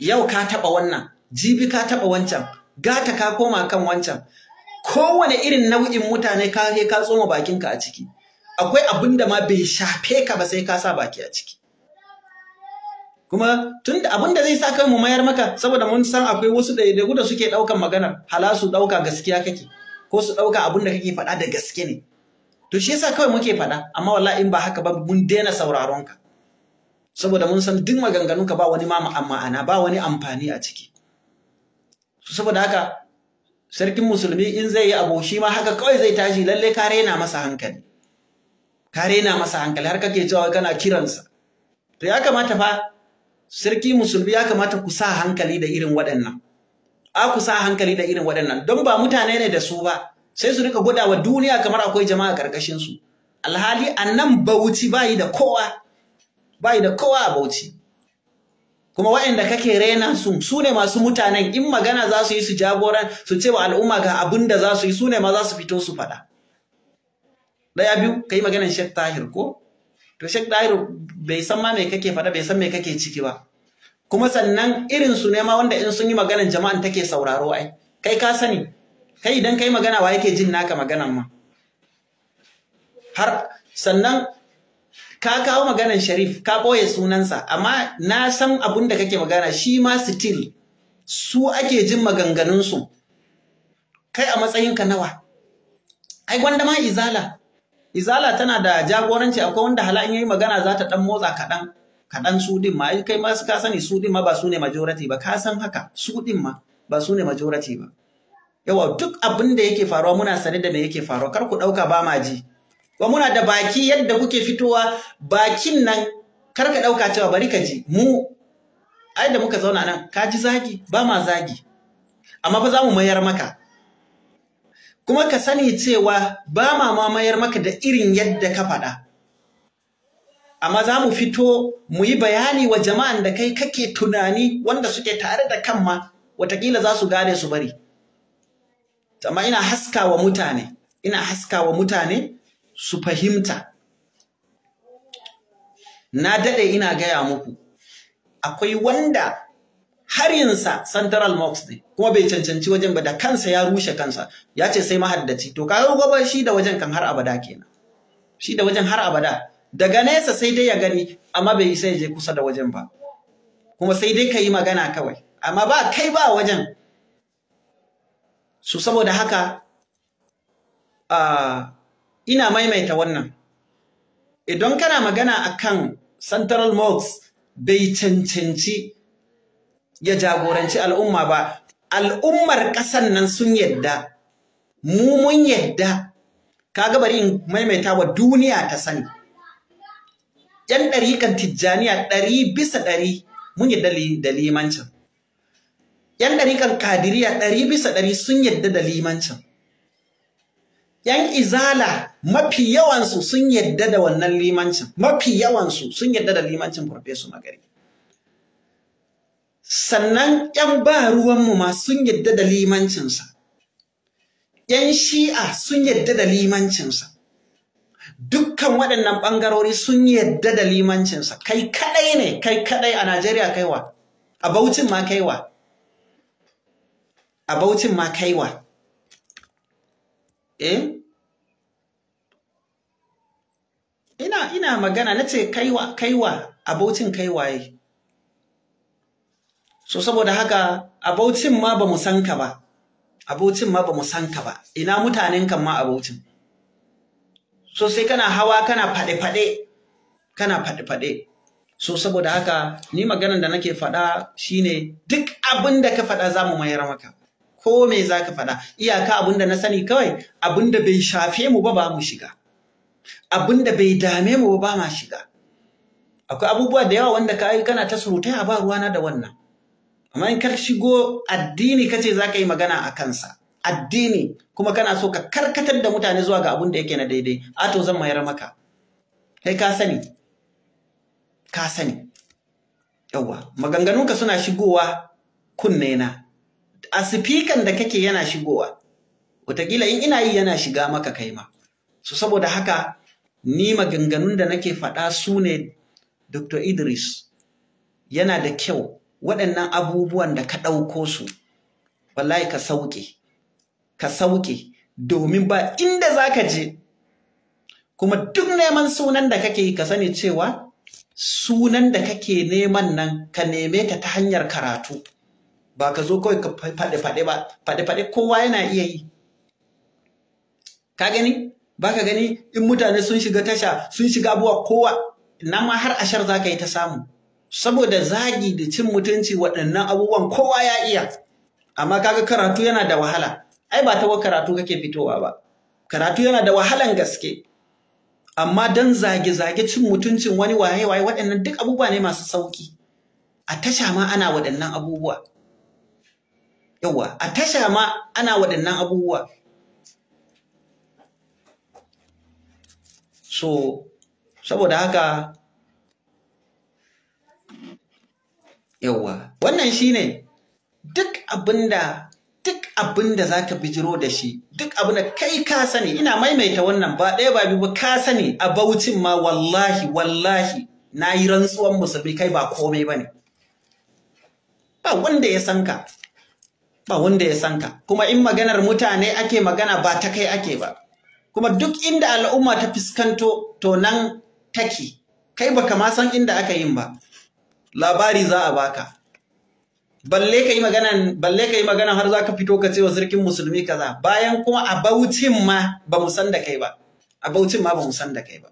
Speaker 1: yau ka taɓa wannan jibi ka taɓa wancan gata ka koma kan wancan kowane irin nau'in mutane ka ka tsoma bakinka a ciki akwai abin da ma bai shafe ka ba sai ka sa baki a ciki kuma tun da abin da zai sa kai mu mayar maka saboda mun san akwai wasu da yadda da suke ɗaukan magana, hala su ɗauka gaskiya kake ko su ɗauka abin da kake faɗa da gaske ne to shi yasa kawai muke faɗa amma wallahi in ba haka ba mun daina sauraron ka saboda mun san duk maganganunka ba wani ma ma'ana ba wani amfani a ciki saboda haka sarkin musulmi in zai yi abu shi ma haka kawai zai tashi lalle ka raina masa hankali ka rena masa hankali har kake cewa kana kiransa to ya kamata fa sarki musulmi ya kamata ku sa hankali da irin waɗannan a ku sa hankali da irin waɗannan don ba mutane ne da su ba sai su rika gwada wa duniya kamar akwai jama'a karkashin su alhali annan bauchi bayi da kowa bayi da kowa a bauchi kuma waɗanda kake rena su su ne masu mutanen in magana za su yi su jagoran su ce wa al'umma ga abin da za su yi su ne ma za su fito su faɗa ɗaya biyu ka yi maganin Tahir ko to shek Tahir bai san ma me kake faɗa bai san me kake ciki ba kuma sannan irin su ne ma wanda in sun yi maganan jama'an take sauraro ai kai ka sani kai idan kai magana wa yake jin naka maganan ma har sannan ka kawo maganan Sharif ka ɓoye sunansa amma na san abun da kake magana shi ma still su ake jin maganganunsu kai a matsayinka nawa ai gwanda ma izala izala tana da jagoranci akwai wanda in yayi magana za ta ɗan motsa kaɗan kaɗan su ɗin ma kai ma ka sani su ɗin ma ba su ne majority ba ka san haka su ɗin ma ba su ne majority ba yawa duk abin da yake faruwa muna sane da me yake faruwa kar ku ɗauka ba ma ji wa muna da baki yadda kuke fitowa bakin nan kar ka ɗauka cewa bari ka ji mu ai da muka zauna nan ka ji zagi ba ma zagi amma fa za mu mayar maka kuma ka sani cewa ba ma mayar maka da irin yadda ka faɗa. Amma za mu fito mu yi bayani wa jama'an da kai kake tunani wanda suke tare da kan ma watakila za su gane su bari. Amma ina haska wa mutane, ina haska wa mutane su fahimta. Na daɗe ina gaya muku, akwai wanda har yinsa central mosque ne kuma bai cancanci wajen ba da kansa ya rushe kansa ya ce sai mahaddaci to kaga gwaba shi da wajen kan har abada kenan shi da wajen har abada daga nesa sai dai ya gani amma bai isa ya je kusa da wajen ba kuma sai dai ka yi magana kawai amma ba kai ba wajen su saboda haka ina maimaita wannan idan kana magana akan central mosque bai cancanci ya jagoranci al'umma ba al'ummar ƙasan nan sun yadda mu mun yadda kaga bari in maimaita wa duniya ta sani yan kan tijjaniya ɗari bisa ɗari mun yadda da limancin yan ɗarikan kadiriya ɗari bisa ɗari sun yadda da limancin yan izala mafi yawansu sun yadda da wannan limancin mafi yawansu sun yadda da limancin farfesu magari sannan ‘yan ba ruwanmu ma sun yadda da limancinsa, ‘yan shi'a sun yadda da limancinsa, dukkan waɗannan ɓangarori sun yadda da limancinsa, kai kaɗai ne, kai kaɗai a Najeriya kaiwa, a Baucin ma kaiwa, a Baucin ma kaiwa. Eh? Ina, ina magana na ce kaiwa, kaiwa, abocin kaiwaye. So saboda haka abaucin ma ba mu san ka ba. Abaucin ma ba mu san ka ba. Ina mutanen kan ma abaucin. So sai kana hawa kana faɗe-faɗe. Kana faɗe-faɗe. So saboda haka ni maganar da nake faɗa shine duk abin da ka faɗa za mu mayar maka. Ko me za ka faɗa? Iyaka abin da na sani kawai abin da bai shafe mu ba ba mu shiga. Abin da bai dame mu ba ba ma shiga. Akwai abubuwa da yawa wanda ka yi kana ta surutai a ba ruwana da wannan. amma in ka shigo addini kace za ka yi magana a kansa addini kuma kana so ka karkatar da mutane zuwa ga abin da yake na daidai to zan mayar maka kai ka sani ka sani yawwa maganganunka suna shigowa kunne na a sifikan da kake yana shigowa watakila in ina yi yana shiga maka kai ma so saboda haka ni maganganun da nake faɗa su ne Dr. Idris yana da kyau waɗannan abubuwan da ka ɗauko su wallahi ka sauke ka sauke domin ba inda za ka je kuma duk neman sunan da kake yi ka sani cewa sunan da kake neman nan ka neme ta ta hanyar karatu ba ka zo kawai ka faɗe-faɗe ba faɗe-faɗe kowa yana iya yi ka gani ba ka gani in mutane sun shiga tasha sun shiga abuwa kowa na ma har ashar za ka yi ta samu saboda zagi da cin mutunci waɗannan abubuwan kowa ya iya amma kaga karatu yana da wahala ai ba ta karatu kake fitowa ba karatu yana da wahalan gaske amma dan zage zage cin mutuncin wani waye waye waɗannan duk abubuwa ne masu sauki a tasha ma ana waɗannan abubuwa yawa a tasha ma ana waɗannan abubuwa so saboda haka Yawwa, wannan shine duk abinda duk abinda za ka bijiro da shi, duk abinda kai ka sani, ina maimaita wannan ba ɗaya ba biyu ba ka sani a Baucin ma wallahi wallahi na yi rantsuwan musulmi kai ba komai ba ne. Ba wanda ya san ka, ba wanda ya san ka, kuma in maganar mutane ake magana ba ta kai ake ba. Kuma duk inda al'umma ta fuskanto to nan take, kai baka ma san inda aka yin ba. labari za a baka balle yi magana balle yi magana har za ka fito ka ce wa sarkin musulmi kaza bayan kuma a bautin ma ba mu san da kai ba a bautin ma ba mu da kai ba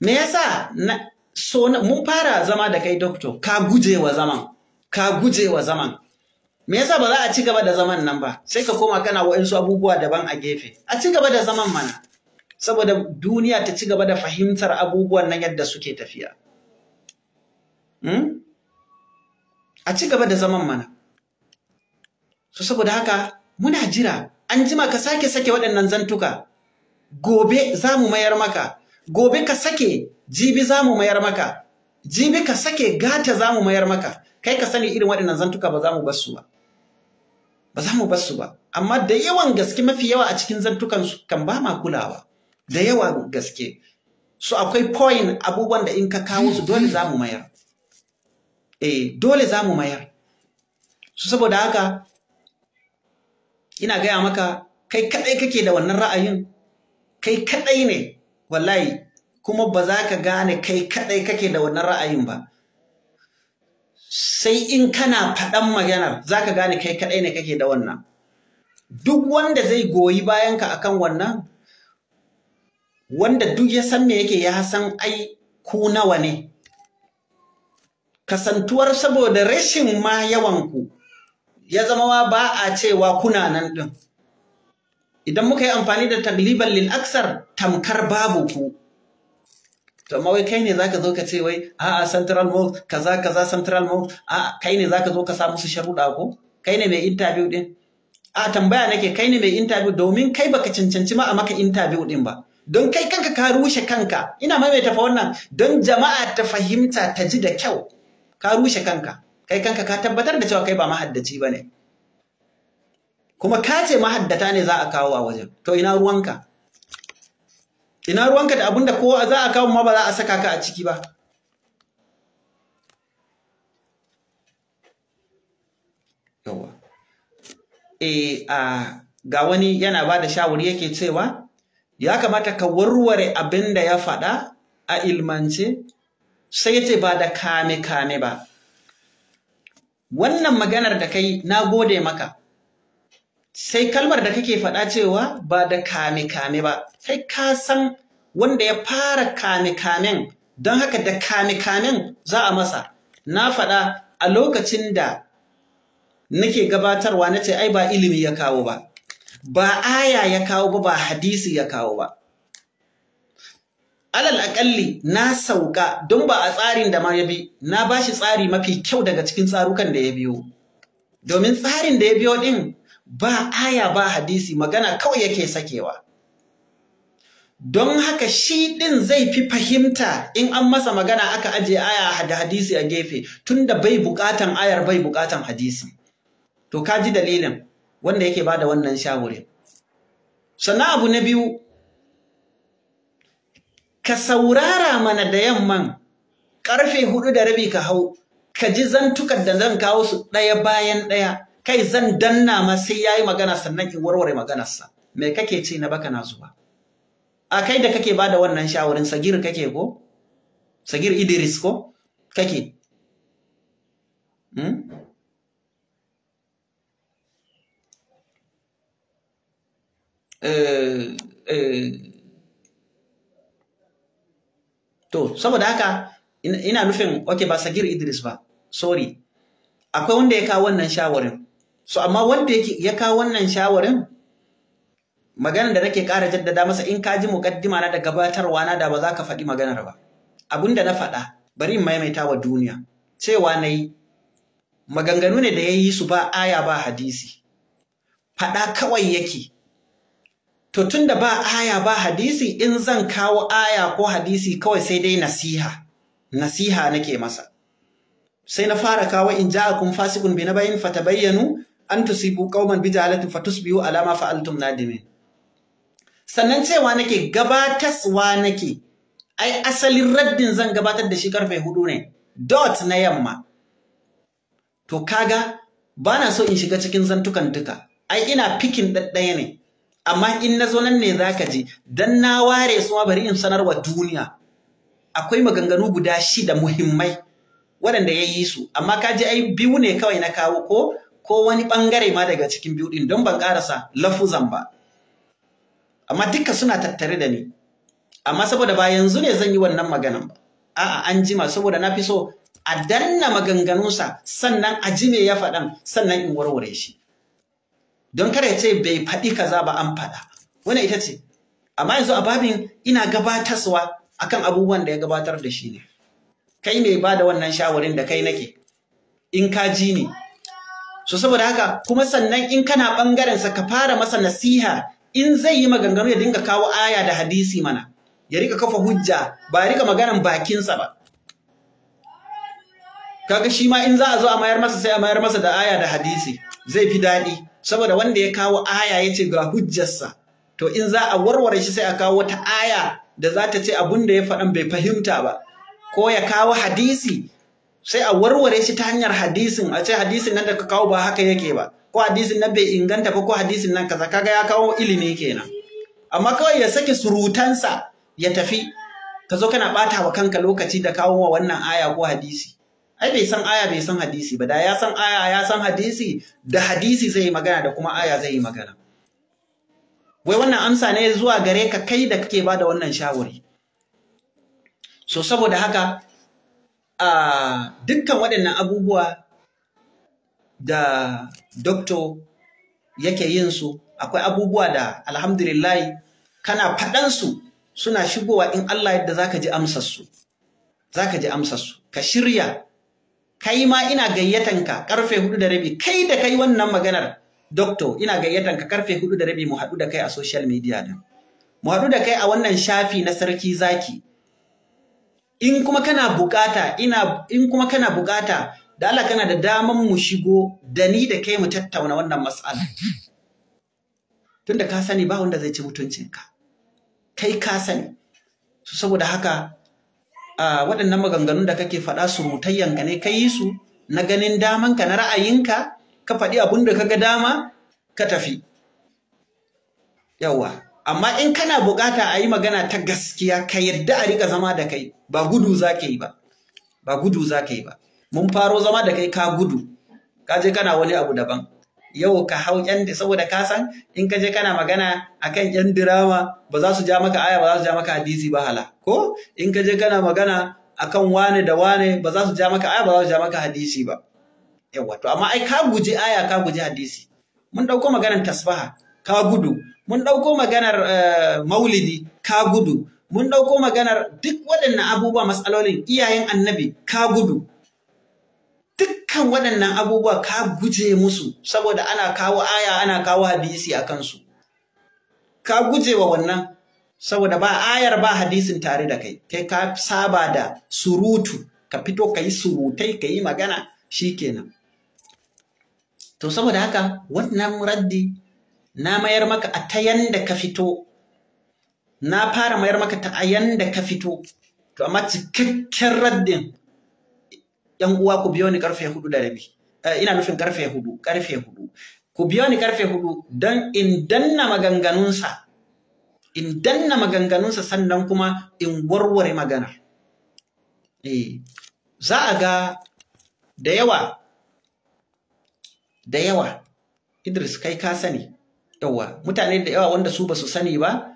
Speaker 1: me yasa mun fara zama da kai doctor ka guje wa zaman ka guje wa zaman me yasa ba za a ci gaba da zaman nan ba sai ka koma kana wa'insu abubuwa daban a gefe a ci gaba da zaman mana saboda duniya ta ci gaba da fahimtar abubuwan nan yadda suke tafiya Hmm? a ci gaba da zaman mana so saboda haka muna jira an jima ka sake sake waɗannan zantuka gobe za mu mayar maka gobe ka sake jibi za mu mayar maka jibi ka sake gata za mu mayar maka kai ka sani irin waɗannan zantuka ba za mu basu ba ba za mu basu ba amma da yawan gaske mafi yawa a cikin zantukan su kan ba ma kulawa da yawa gaske so akwai point abubuwan da in ka kawo su dole za mu mayar E, dole za mu mayar su saboda haka ina gaya maka kai kaɗai kake da wannan ra'ayin kai kaɗai ne wallahi kuma ba za ka gane kai kaɗai kake da wannan ra'ayin ba sai in kana faɗan maganar za ka gane kai kaɗai ne kake da wannan duk wanda zai goyi bayanka akan wannan wanda duk ya san me yake ya san ai ku nawa ne kasantuwar saboda rashin ma yawanku ya zama wa ba a cewa kuna nan ɗin. Idan muka yi amfani da tagliban lil aksar tamkar babu ku. To amma wai kai ne zaka zo ka ce wai a'a Central za kaza kaza Central Mall? a'a kai ne zaka zo ka sa musu sharuɗa ko kai ne mai interview din a tambaya nake kai ne mai interview domin kai baka cancanci ma a maka interview din ba don kai kanka ka rushe kanka ina maimaita fa wannan don jama'a ta fahimta ta ji da kyau ka rushe kanka kai kanka ka tabbatar da cewa kai ba mahaddaci ba ne kuma ka ce mahaddata ne za a kawo a wajen to ina ruwanka ina ruwanka da abinda ko za a kawo ma ba za a saka ka a ciki ba Yawwa. e eh, a ga wani yana ba da shawari yake cewa ya kamata ka warware abin da ya faɗa a ilmance sai ya ce ba da kame-kame ba. Wannan maganar da kai na gode maka, sai kalmar da kake faɗa cewa ba da kame-kame ba, Sai ka san wanda ya fara kame-kamen don haka da kame-kamen za a masa. Na faɗa a lokacin da nake gabatarwa na ce ai ba ilimi ya kawo ba, ba aya ya kawo ba, ba hadisi ya kawo ba. alal aƙalli na sauka don ba a tsarin da ma ya bi na ba shi tsari mafi kyau daga cikin tsarukan da ya biyo domin tsarin da ya biyo ɗin ba aya ba hadisi magana kawai yake sakewa don haka shi ɗin zai fi fahimta in an masa magana aka aje aya da hadisi a gefe tun da bai buƙatan ayar bai buƙatan hadisi to ka ji dalilin wanda yake bada wannan shawarin sannan abu na biyu ka saurara mana da yamman ƙarfe hudu da rabi ka hau ka ji zantukan da zan kawo su ɗaya bayan ɗaya kai zan danna ma sai ya yi magana sannan in warware maganarsa me kake ce na baka na zuwa a kai da kake bada wannan shawarin sagir kake ko sagir idris ko kake hmm? eh, eh. to saboda haka ina nufin okay ba Sagir Idris ba sorry akwai wanda ya kawo wannan shawarin so amma wanda ya kawo wannan shawarin maganar da nake ƙara jaddada masa in ka ji muƙaddima na da gabatarwa na da ba za ka faɗi maganar ba abin na faɗa bari in maimaita wa duniya cewa na yi maganganu ne da ya yi su ba aya ba hadisi faɗa kawai yake To tun da ba aya ba hadisi in zan kawo aya ko hadisi kawai sai dai nasiha. Nasiha nake masa. Sai na fara kawo in ja kun fasiqun bi nabayin fatabayyanu an tusibu qauman bi jahalatin fatusbihu ala ma fa'altum nadimin. Sannan cewa nake gabatarwa nake ai asalin raddin zan gabatar da shi karfe hudu ne dot na yamma. To kaga ba na so in shiga cikin zantukan duka. Ai ina fikin ɗaɗɗaya ne. amma in na zo nan ne za ka ji dan na ware su ma bari in sanar wa duniya akwai maganganu guda shida muhimmai waɗanda ya yi su amma ka ji ai biyu ne kawai na kawo ko ko wani ɓangare ma daga cikin biyu ɗin don ban ƙarasa lafuzan ba amma duka suna tattare da ni amma saboda ba yanzu ne zan yi wannan maganan ba a'a an jima saboda na fi so a danna maganganunsa sannan a ji me ya faɗan sannan in warware shi don ya ce bai faɗi kaza ba an faɗa wannan ita ce amma yanzu a babin ina gabatarwa akan abubuwan da ya gabatar da shi ne kai mai ba da wannan shawarin da kai nake in ka ji ni so saboda haka kuma sannan in kana bangaren sa ka fara masa nasiha in zai yi maganganu ya dinga kawo aya da hadisi mana ya rika kafa hujja ba ya rika maganan bakinsa ba kaga shi ma in za a zo a mayar masa sai a mayar masa da aya da hadisi zai fi daɗi saboda wanda ya kawo aya ya ce ga hujjarsa to in za a warware shi sai a kawo wata aya da za ta ce abin da ya faɗan bai fahimta ba ko ya kawo hadisi sai a warware shi ta hanyar hadisin a ce hadisin nan da ka kawo ba haka yake ba ko hadisin nan bai inganta ba ko hadisin nan kaza kaga ya kawo ilimi kenan amma kawai ya saki surutansa ya tafi ka zo kana ɓata wa kanka lokaci da kawo wa wannan aya ko hadisi ai bai san aya bai san hadisi ba da ya san aya ya san hadisi da hadisi zai yi magana da kuma aya zai yi magana wai wannan amsa ne zuwa gare ka kai da kake ba da wannan shawari so saboda haka a dukkan waɗannan abubuwa da doktor yake yin su akwai abubuwa da alhamdulillahi kana faɗansu suna shigowa in Allah yadda zaka ji amsarsu zaka ji amsarsu ka shirya kai ma ina gayyatanka karfe hudu da rabi kai da kai wannan maganar doctor ina gayyatan ka karfe hudu da rabi mu haɗu da kai a social media din mu haɗu da kai a wannan shafi na sarki zaki in kuma kana bukata ina in kuma kana bukata da Allah kana da daman mu shigo da ni da kai mu tattauna wannan mas'ala tunda ka sani ba wanda zai ci mutuncinka kai ka sani saboda haka waɗannan maganganun da kake faɗa surutayyanka ne ka yi su na ganin damanka na ra'ayinka ka faɗi abin da ka ga dama ka tafi Yawwa. amma in kana buƙata a yi magana ta gaskiya ka yadda a riƙa zama da kai ba gudu za ka yi ba ba gudu za ka yi ba mun faro zama da kai ka gudu ka je kana wani abu daban yau ka hau da saboda ka san in ka je kana magana akan ƴan dirama ba za su ja maka aya ba za su ja maka hadisi ba hala ko in ka je kana magana akan wane da wane ba za su ja maka aya ba za su ja maka hadisi ba yawa to amma ai ka guji aya ka guji hadisi mun dauko maganar tasbaha ka gudu mun dauko maganar eh, maulidi ka gudu mun dauko maganar duk waɗannan abubuwa matsalolin iyayen annabi ka gudu dukkan waɗannan abubuwa ka guje musu saboda ana kawo aya ana kawo hadisi a kansu ka guje wa wannan saboda ba ayar ba hadisin tare da kai kai ka saba da surutu ka fito ka yi surutai ka yi magana shi kenan to saboda haka wannan raddi na mayar maka a ta yanda ka fito na fara mayar maka ta a yanda ka fito to amma cikakken raddin yan uwa ku biyo ni karfe hudu da rabi eh, ina nufin karfe hudu karfe hudu ku biyo ni karfe hudu don in danna maganganunsa in danna maganganunsa sannan kuma in warware magana eh, za a ga da yawa da yawa Idris kai ka sani yawa mutane da yawa wanda su ba su sani ba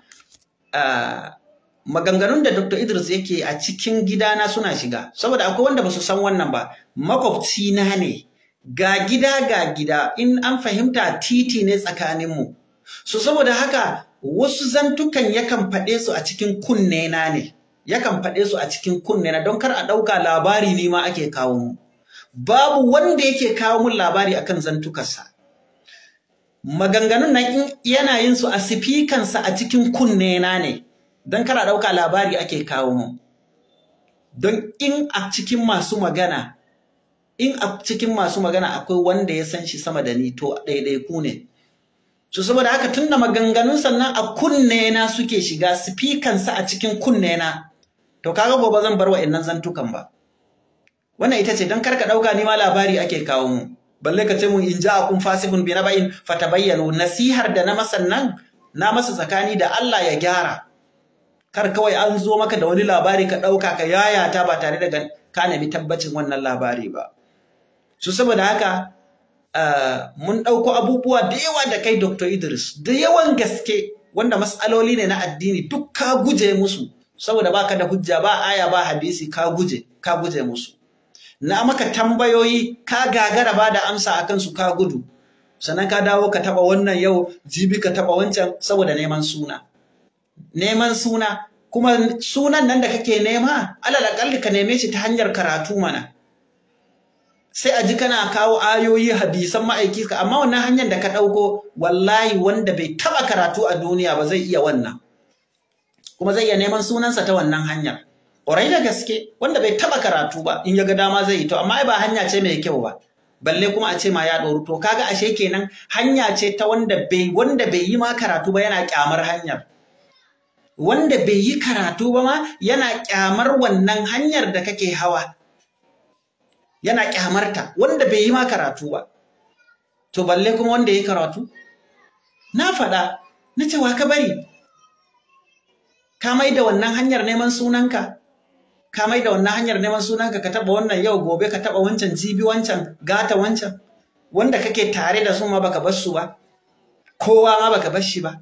Speaker 1: ah, maganganun da Dr. Idris yake a cikin gidana suna shiga saboda akwai wanda ba su san wannan ba makwabci na ne ga gida ga gida in an fahimta titi ne tsakaninmu so saboda haka wasu zantukan yakan faɗe su a cikin kunne na ne yakan faɗe su a cikin kunne na don kar a ɗauka labari ne ma ake kawo mu babu wanda yake kawo mun labari akan zantukarsa maganganun nan yana yin su a sifikansa a cikin kunne na ne don kana ɗauka labari ake kawo mu don in a cikin masu magana in a cikin masu magana akwai wanda ya san shi sama da ni to ku ne su saboda haka tun da maganganun sannan a kunne na suke shiga sifikansa a cikin kunne na to kaga gobe zan bar wa'annan zantukan ba wannan ita ce don kar ka ɗauka ni ma labari ake kawo mu balle ka ce mu in ja fasi kun bi na fata fatabayyanu nasihar da na masannan na masa tsakani da Allah ya gyara kar kawai an zo maka da wani labari ka ɗauka ka yayata ba tare da ka nemi tabbacin wannan labari ba su saboda haka eh, mun ɗauko abubuwa da yawa da kai Dr. Idris da yawan gaske wanda matsaloli ne na addini duk ka guje musu saboda baka da hujja ba aya ba hadisi ka guje ka guje musu na maka tambayoyi ka gagara ba da amsa akan su ka gudu sannan ka dawo ka taɓa wannan yau jibi ka taɓa wancan saboda neman suna neman suna kuma sunan nan da kake nema alal akalli ka neme shi ta hanyar karatu mana sai a ji kana kawo ayoyi hadisan ma'aiki ka amma wannan hanyar da ka ɗauko wallahi wanda bai taɓa karatu a duniya ba zai iya wannan kuma zai iya neman sunansa ta wannan hanyar ƙwarai da gaske wanda bai taɓa karatu ba in ya ga dama zai yi to amma ba hanya ce mai kyau ba balle kuma a ce ma ya ɗoru to kaga ashe kenan hanya ce ta wanda bai bai yi ma karatu ba yana ƙyamar hanyar wanda bai yi karatu ba ma yana kyamar wannan hanyar da kake hawa yana kyamarta wanda bai yi ma karatu ba to balle kuma wanda ya karatu na faɗa na cewa ka bari ka da wannan hanyar neman sunanka ka da wannan hanyar neman sunanka ka taba wannan yau gobe ka taba wancan jibi wancan gata wancan wanda kake tare da su ma baka bar su ba kowa ma baka bar shi ba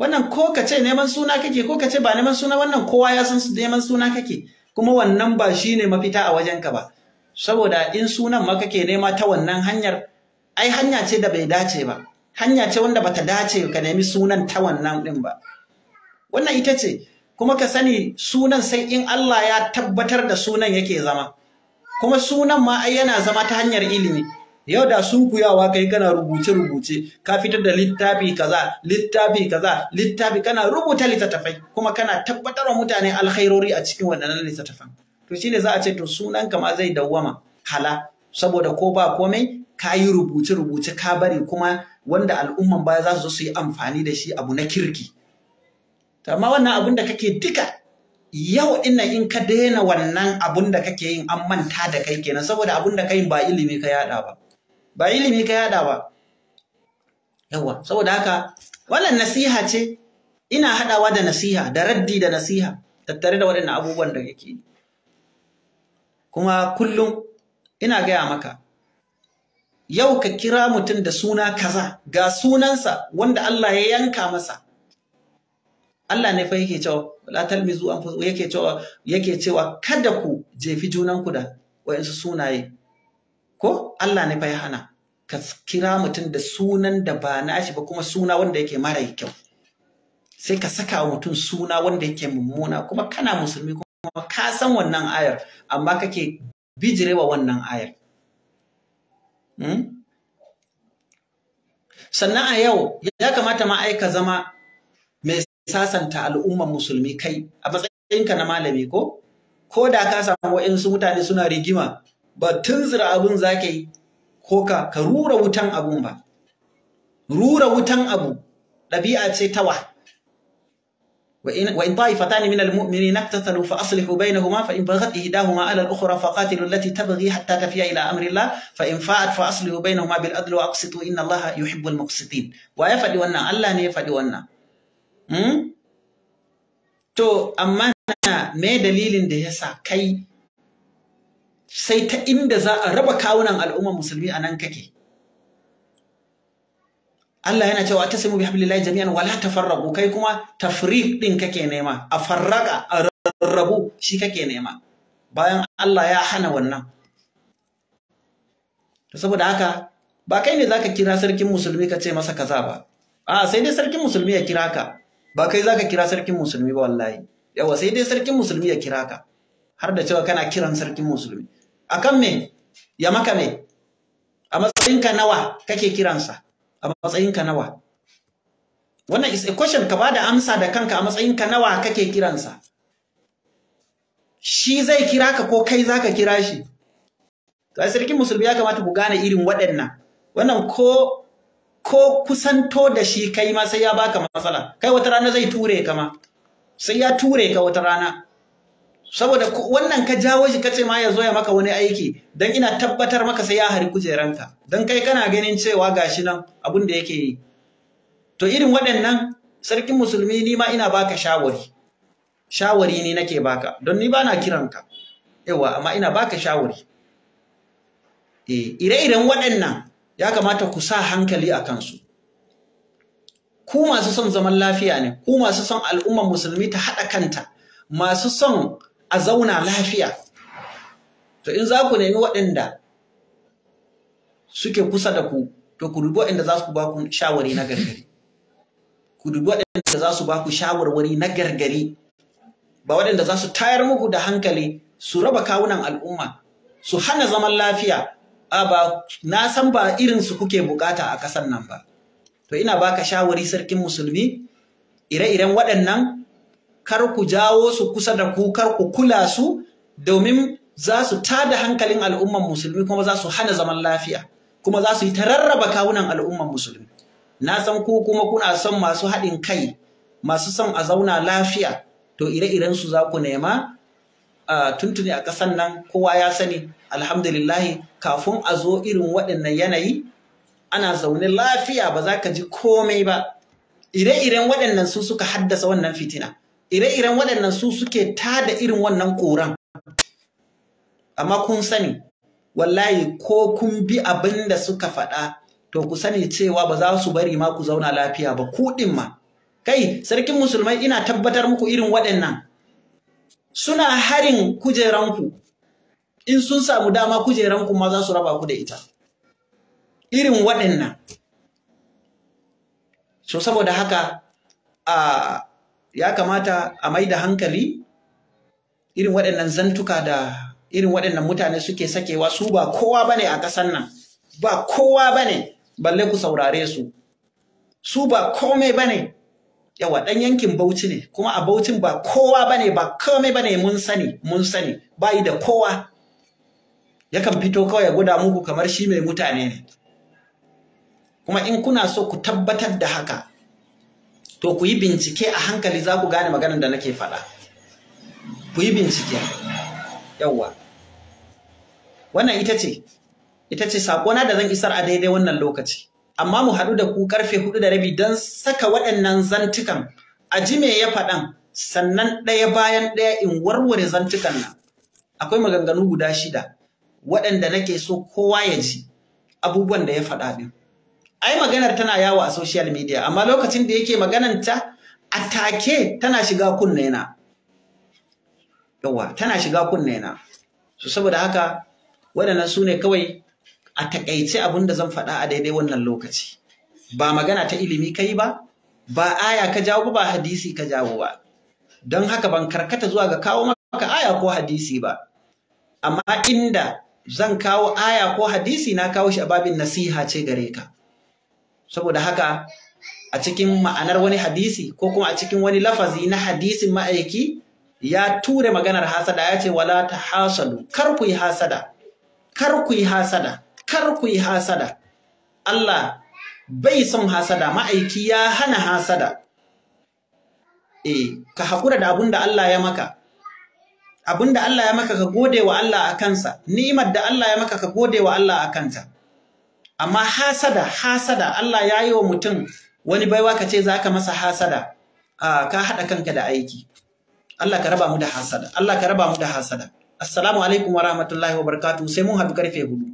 Speaker 1: wannan ko ka ce neman suna kake ko ka ce ba neman suna wannan kowa ya san neman suna kake kuma wannan ba shine mafita a wajenka ba saboda in sunan ma kake nema ta wannan hanyar ai hanya ce da bai dace ba hanya ce wanda bata dace ka nemi sunan ta wannan din ba wannan ita ce kuma ka sani sunan sai in Allah ya tabbatar da sunan yake zama kuma sunan ma ai yana zama ta hanyar ilimi yau da sunkuyawa kai kana rubuce rubuce ka fitar da littafi kaza littafi kaza littafi kana rubuta littattafai kuma kana tabbatar wa mutane alkhairori a cikin waɗannan littattafan to shine za a ce to sunanka ma zai dawwama hala saboda ko ba komai ka yi rubuce rubuce ka bari kuma wanda al'umman baya za su zo su yi amfani da shi abu na kirki amma wannan abun da kake duka yau ina in ka daina wannan abun da kake yin an manta da kai kenan saboda abun da kai ba ilimi ka yada ba ba ilimi ka yada ba Yawwa, saboda haka wannan nasiha ce ina haɗawa da nasiha da raddi da nasiha tattare da waɗannan abubuwan da yake kuma kullum ina gaya maka yau ka kira mutum da suna kaza ga sunansa wanda Allah ya yanka masa Allah ne fa yake cewa la talmizu yake cewa yake cewa kada ku jefi junanku da su sunaye ko Allah ne fa ya hana ka kira mutum da sunan da ba na shi ba kuma suna wanda yake mara kyau sai ka saka wa mutum suna wanda yake mummuna kuma kana musulmi kuma ka san wannan ayar amma kake bijirewa wannan ayar hmm? sannan a yau ya kamata ma ai ka zama mai sasanta al'ummar musulmi kai a matsayinka na malami ko ko da ka samu wa'insu mutane suna rigima ba tunzura abun zaka yi ko ka ka rura wutan abun ba rura wutan abu ɗabi'a ce tawa وإن طائفتان من المؤمنين اقتتلوا فأصلحوا بينهما فإن بغت إحداهما على الأخرى فقاتلوا التي تبغي حتى تفي إلى أمر الله فإن فاعت فأصلحوا بينهما بالعدل وأقسطوا إن الله يحب المقسطين ويا فديونا الله ne fadiwanna hmm? to amma me dalilin da yasa kai sai ta inda za a raba kawunan al'ummar musulmi a nan kake Allah yana cewa ta sami bihablillahi jami'an wala ta farragu, kai kuma ta din kake nema a farraka a rarrabu shi kake nema bayan Allah ya hana wannan saboda haka ba kai ne zaka kira sarkin musulmi ka ce masa kaza ba a sai dai sarkin musulmi ya kira ka ba kai zaka kira sarkin musulmi ba wallahi yawa sai dai sarkin musulmi ya kira ka har da cewa kana kiran sarkin musulmi akan me ya maka me a matsayinka nawa kake kiransa a matsayinka nawa wannan is a question ka bada amsa da kanka a matsayinka nawa kake kiransa shi zai kira ka ko kai zaka kira shi to sarkin musulmi ya kamata ku gane irin waɗannan wannan ko ko kusanto da shi kai ma sai ya baka matsala kai wata rana zai ture ka ma sai ya ture ka wata rana saboda wannan ka jawo shi kace ma ya zo ya maka wani aiki dan ina tabbatar maka sai ya hari kujeranka dan kai kana ganin cewa gashi nan abin da yake yi to irin waɗannan sarkin musulmi ni ma ina baka shawari shawari ne nake baka don ni bana kiranka yawa amma ina baka shawari eh ire-iren waɗannan ya kamata ku sa hankali a kansu ku masu son zaman lafiya ne ku masu son al'ummar musulmi ta haɗa kanta masu son a zauna lafiya to in za ku nemi waɗanda suke kusa da ku to ku dubi waɗanda za su ba ku shawari na gargari ku dubi waɗanda za su ba ku shawarwari na gargari ba waɗanda za su tayar muku da hankali su raba kawunan al'umma su hana zaman lafiya a ba na san ba irin su kuke bukata a ƙasar nan ba to ina baka shawari sarkin musulmi ire-iren waɗannan kar ku jawo su kusa da ku kar ku kula su domin za su tada hankalin al'umman musulmi kuma za su hana zaman lafiya kuma za su yi ta rarraba kawunan al'umman musulmi na san ku kuma kuna son masu haɗin kai masu son a zauna lafiya to ire-iren su za ku nema tuntuni a ƙasan nan kowa ya sani alhamdulillahi kafin a zo irin waɗannan yanayi ana zaune lafiya ba za ka ji komai ba ire-iren waɗannan su suka haddasa wannan fitina ire-iren waɗannan su suke tada irin wannan ƙoran amma kun sani wallahi ko kun bi abin da suka faɗa to ku sani cewa ba za su bari ma ku zauna lafiya ba kuɗin ma kai sarkin musulmai ina tabbatar muku irin waɗannan suna harin kujeranku in sun samu dama kujeranku ma za su raba ku da ita irin waɗannan so saboda haka ah, ya kamata a mai da hankali irin waɗannan zantuka da irin waɗannan mutane suke sakewa su ba kowa bane a ƙasar nan ba kowa bane balle ku saurare su su ba komai bane yawa ɗan yankin Bauchi ne kuma a Bauchin ba kowa bane ba komai bane mun sani mun sani bayi da kowa yakan fito kawai ya guda muku kamar shi mai mutane ne kuma in kuna so ku tabbatar da haka to ku yi bincike a hankali za ku gane maganar da nake faɗa ku yi bincike yawwa wannan ita ce ita ce sakona da zan isar a daidai wannan lokaci amma mu haɗu da ku karfe hudu da rabi don saka waɗannan zantukan a ji me ya faɗan sannan ɗaya bayan ɗaya in warware zantukan nan akwai maganganu guda shida waɗanda nake so kowa ya ji abubuwan da ya faɗa ɗin ai maganar tana yawo a social media amma lokacin da yake magananta a take tana shiga kunne na yawa tana shiga kunne na so saboda haka waɗannan su ne kawai a takaice abin da zan faɗa a daidai wannan lokaci ba magana ta ilimi kai ba ba aya ka jawo ba hadisi ka jawo ba don haka ban karkata zuwa ga kawo maka aya ko hadisi ba amma inda zan kawo aya ko hadisi na kawo shi a babin nasiha ce gare ka saboda haka a cikin ma'anar wani hadisi ko kuma a cikin wani lafazi na hadisin ma'aiki ya ture maganar hasada ya ce wala ta hasadu. kar ku yi hasada kar ku yi hasada kar ku yi hasada Allah bai son hasada ma'aiki ya hana hasada e ka haƙura da abun da Allah ya maka Abun da Allah ya maka ka gode wa Allah a kansa ni'imar da Allah ya maka ka gode wa Allah a kanta amma hasada hasada Allah ya yi wa mutum wani baiwa ka ce za ka masa hasada ka haɗa kanka da aiki Allah ka raba mu da hasada Allah ka raba mu da hasada assalamu alaikum wa rahmatullahi wa barakatuh sai mun haɗu karfe hudu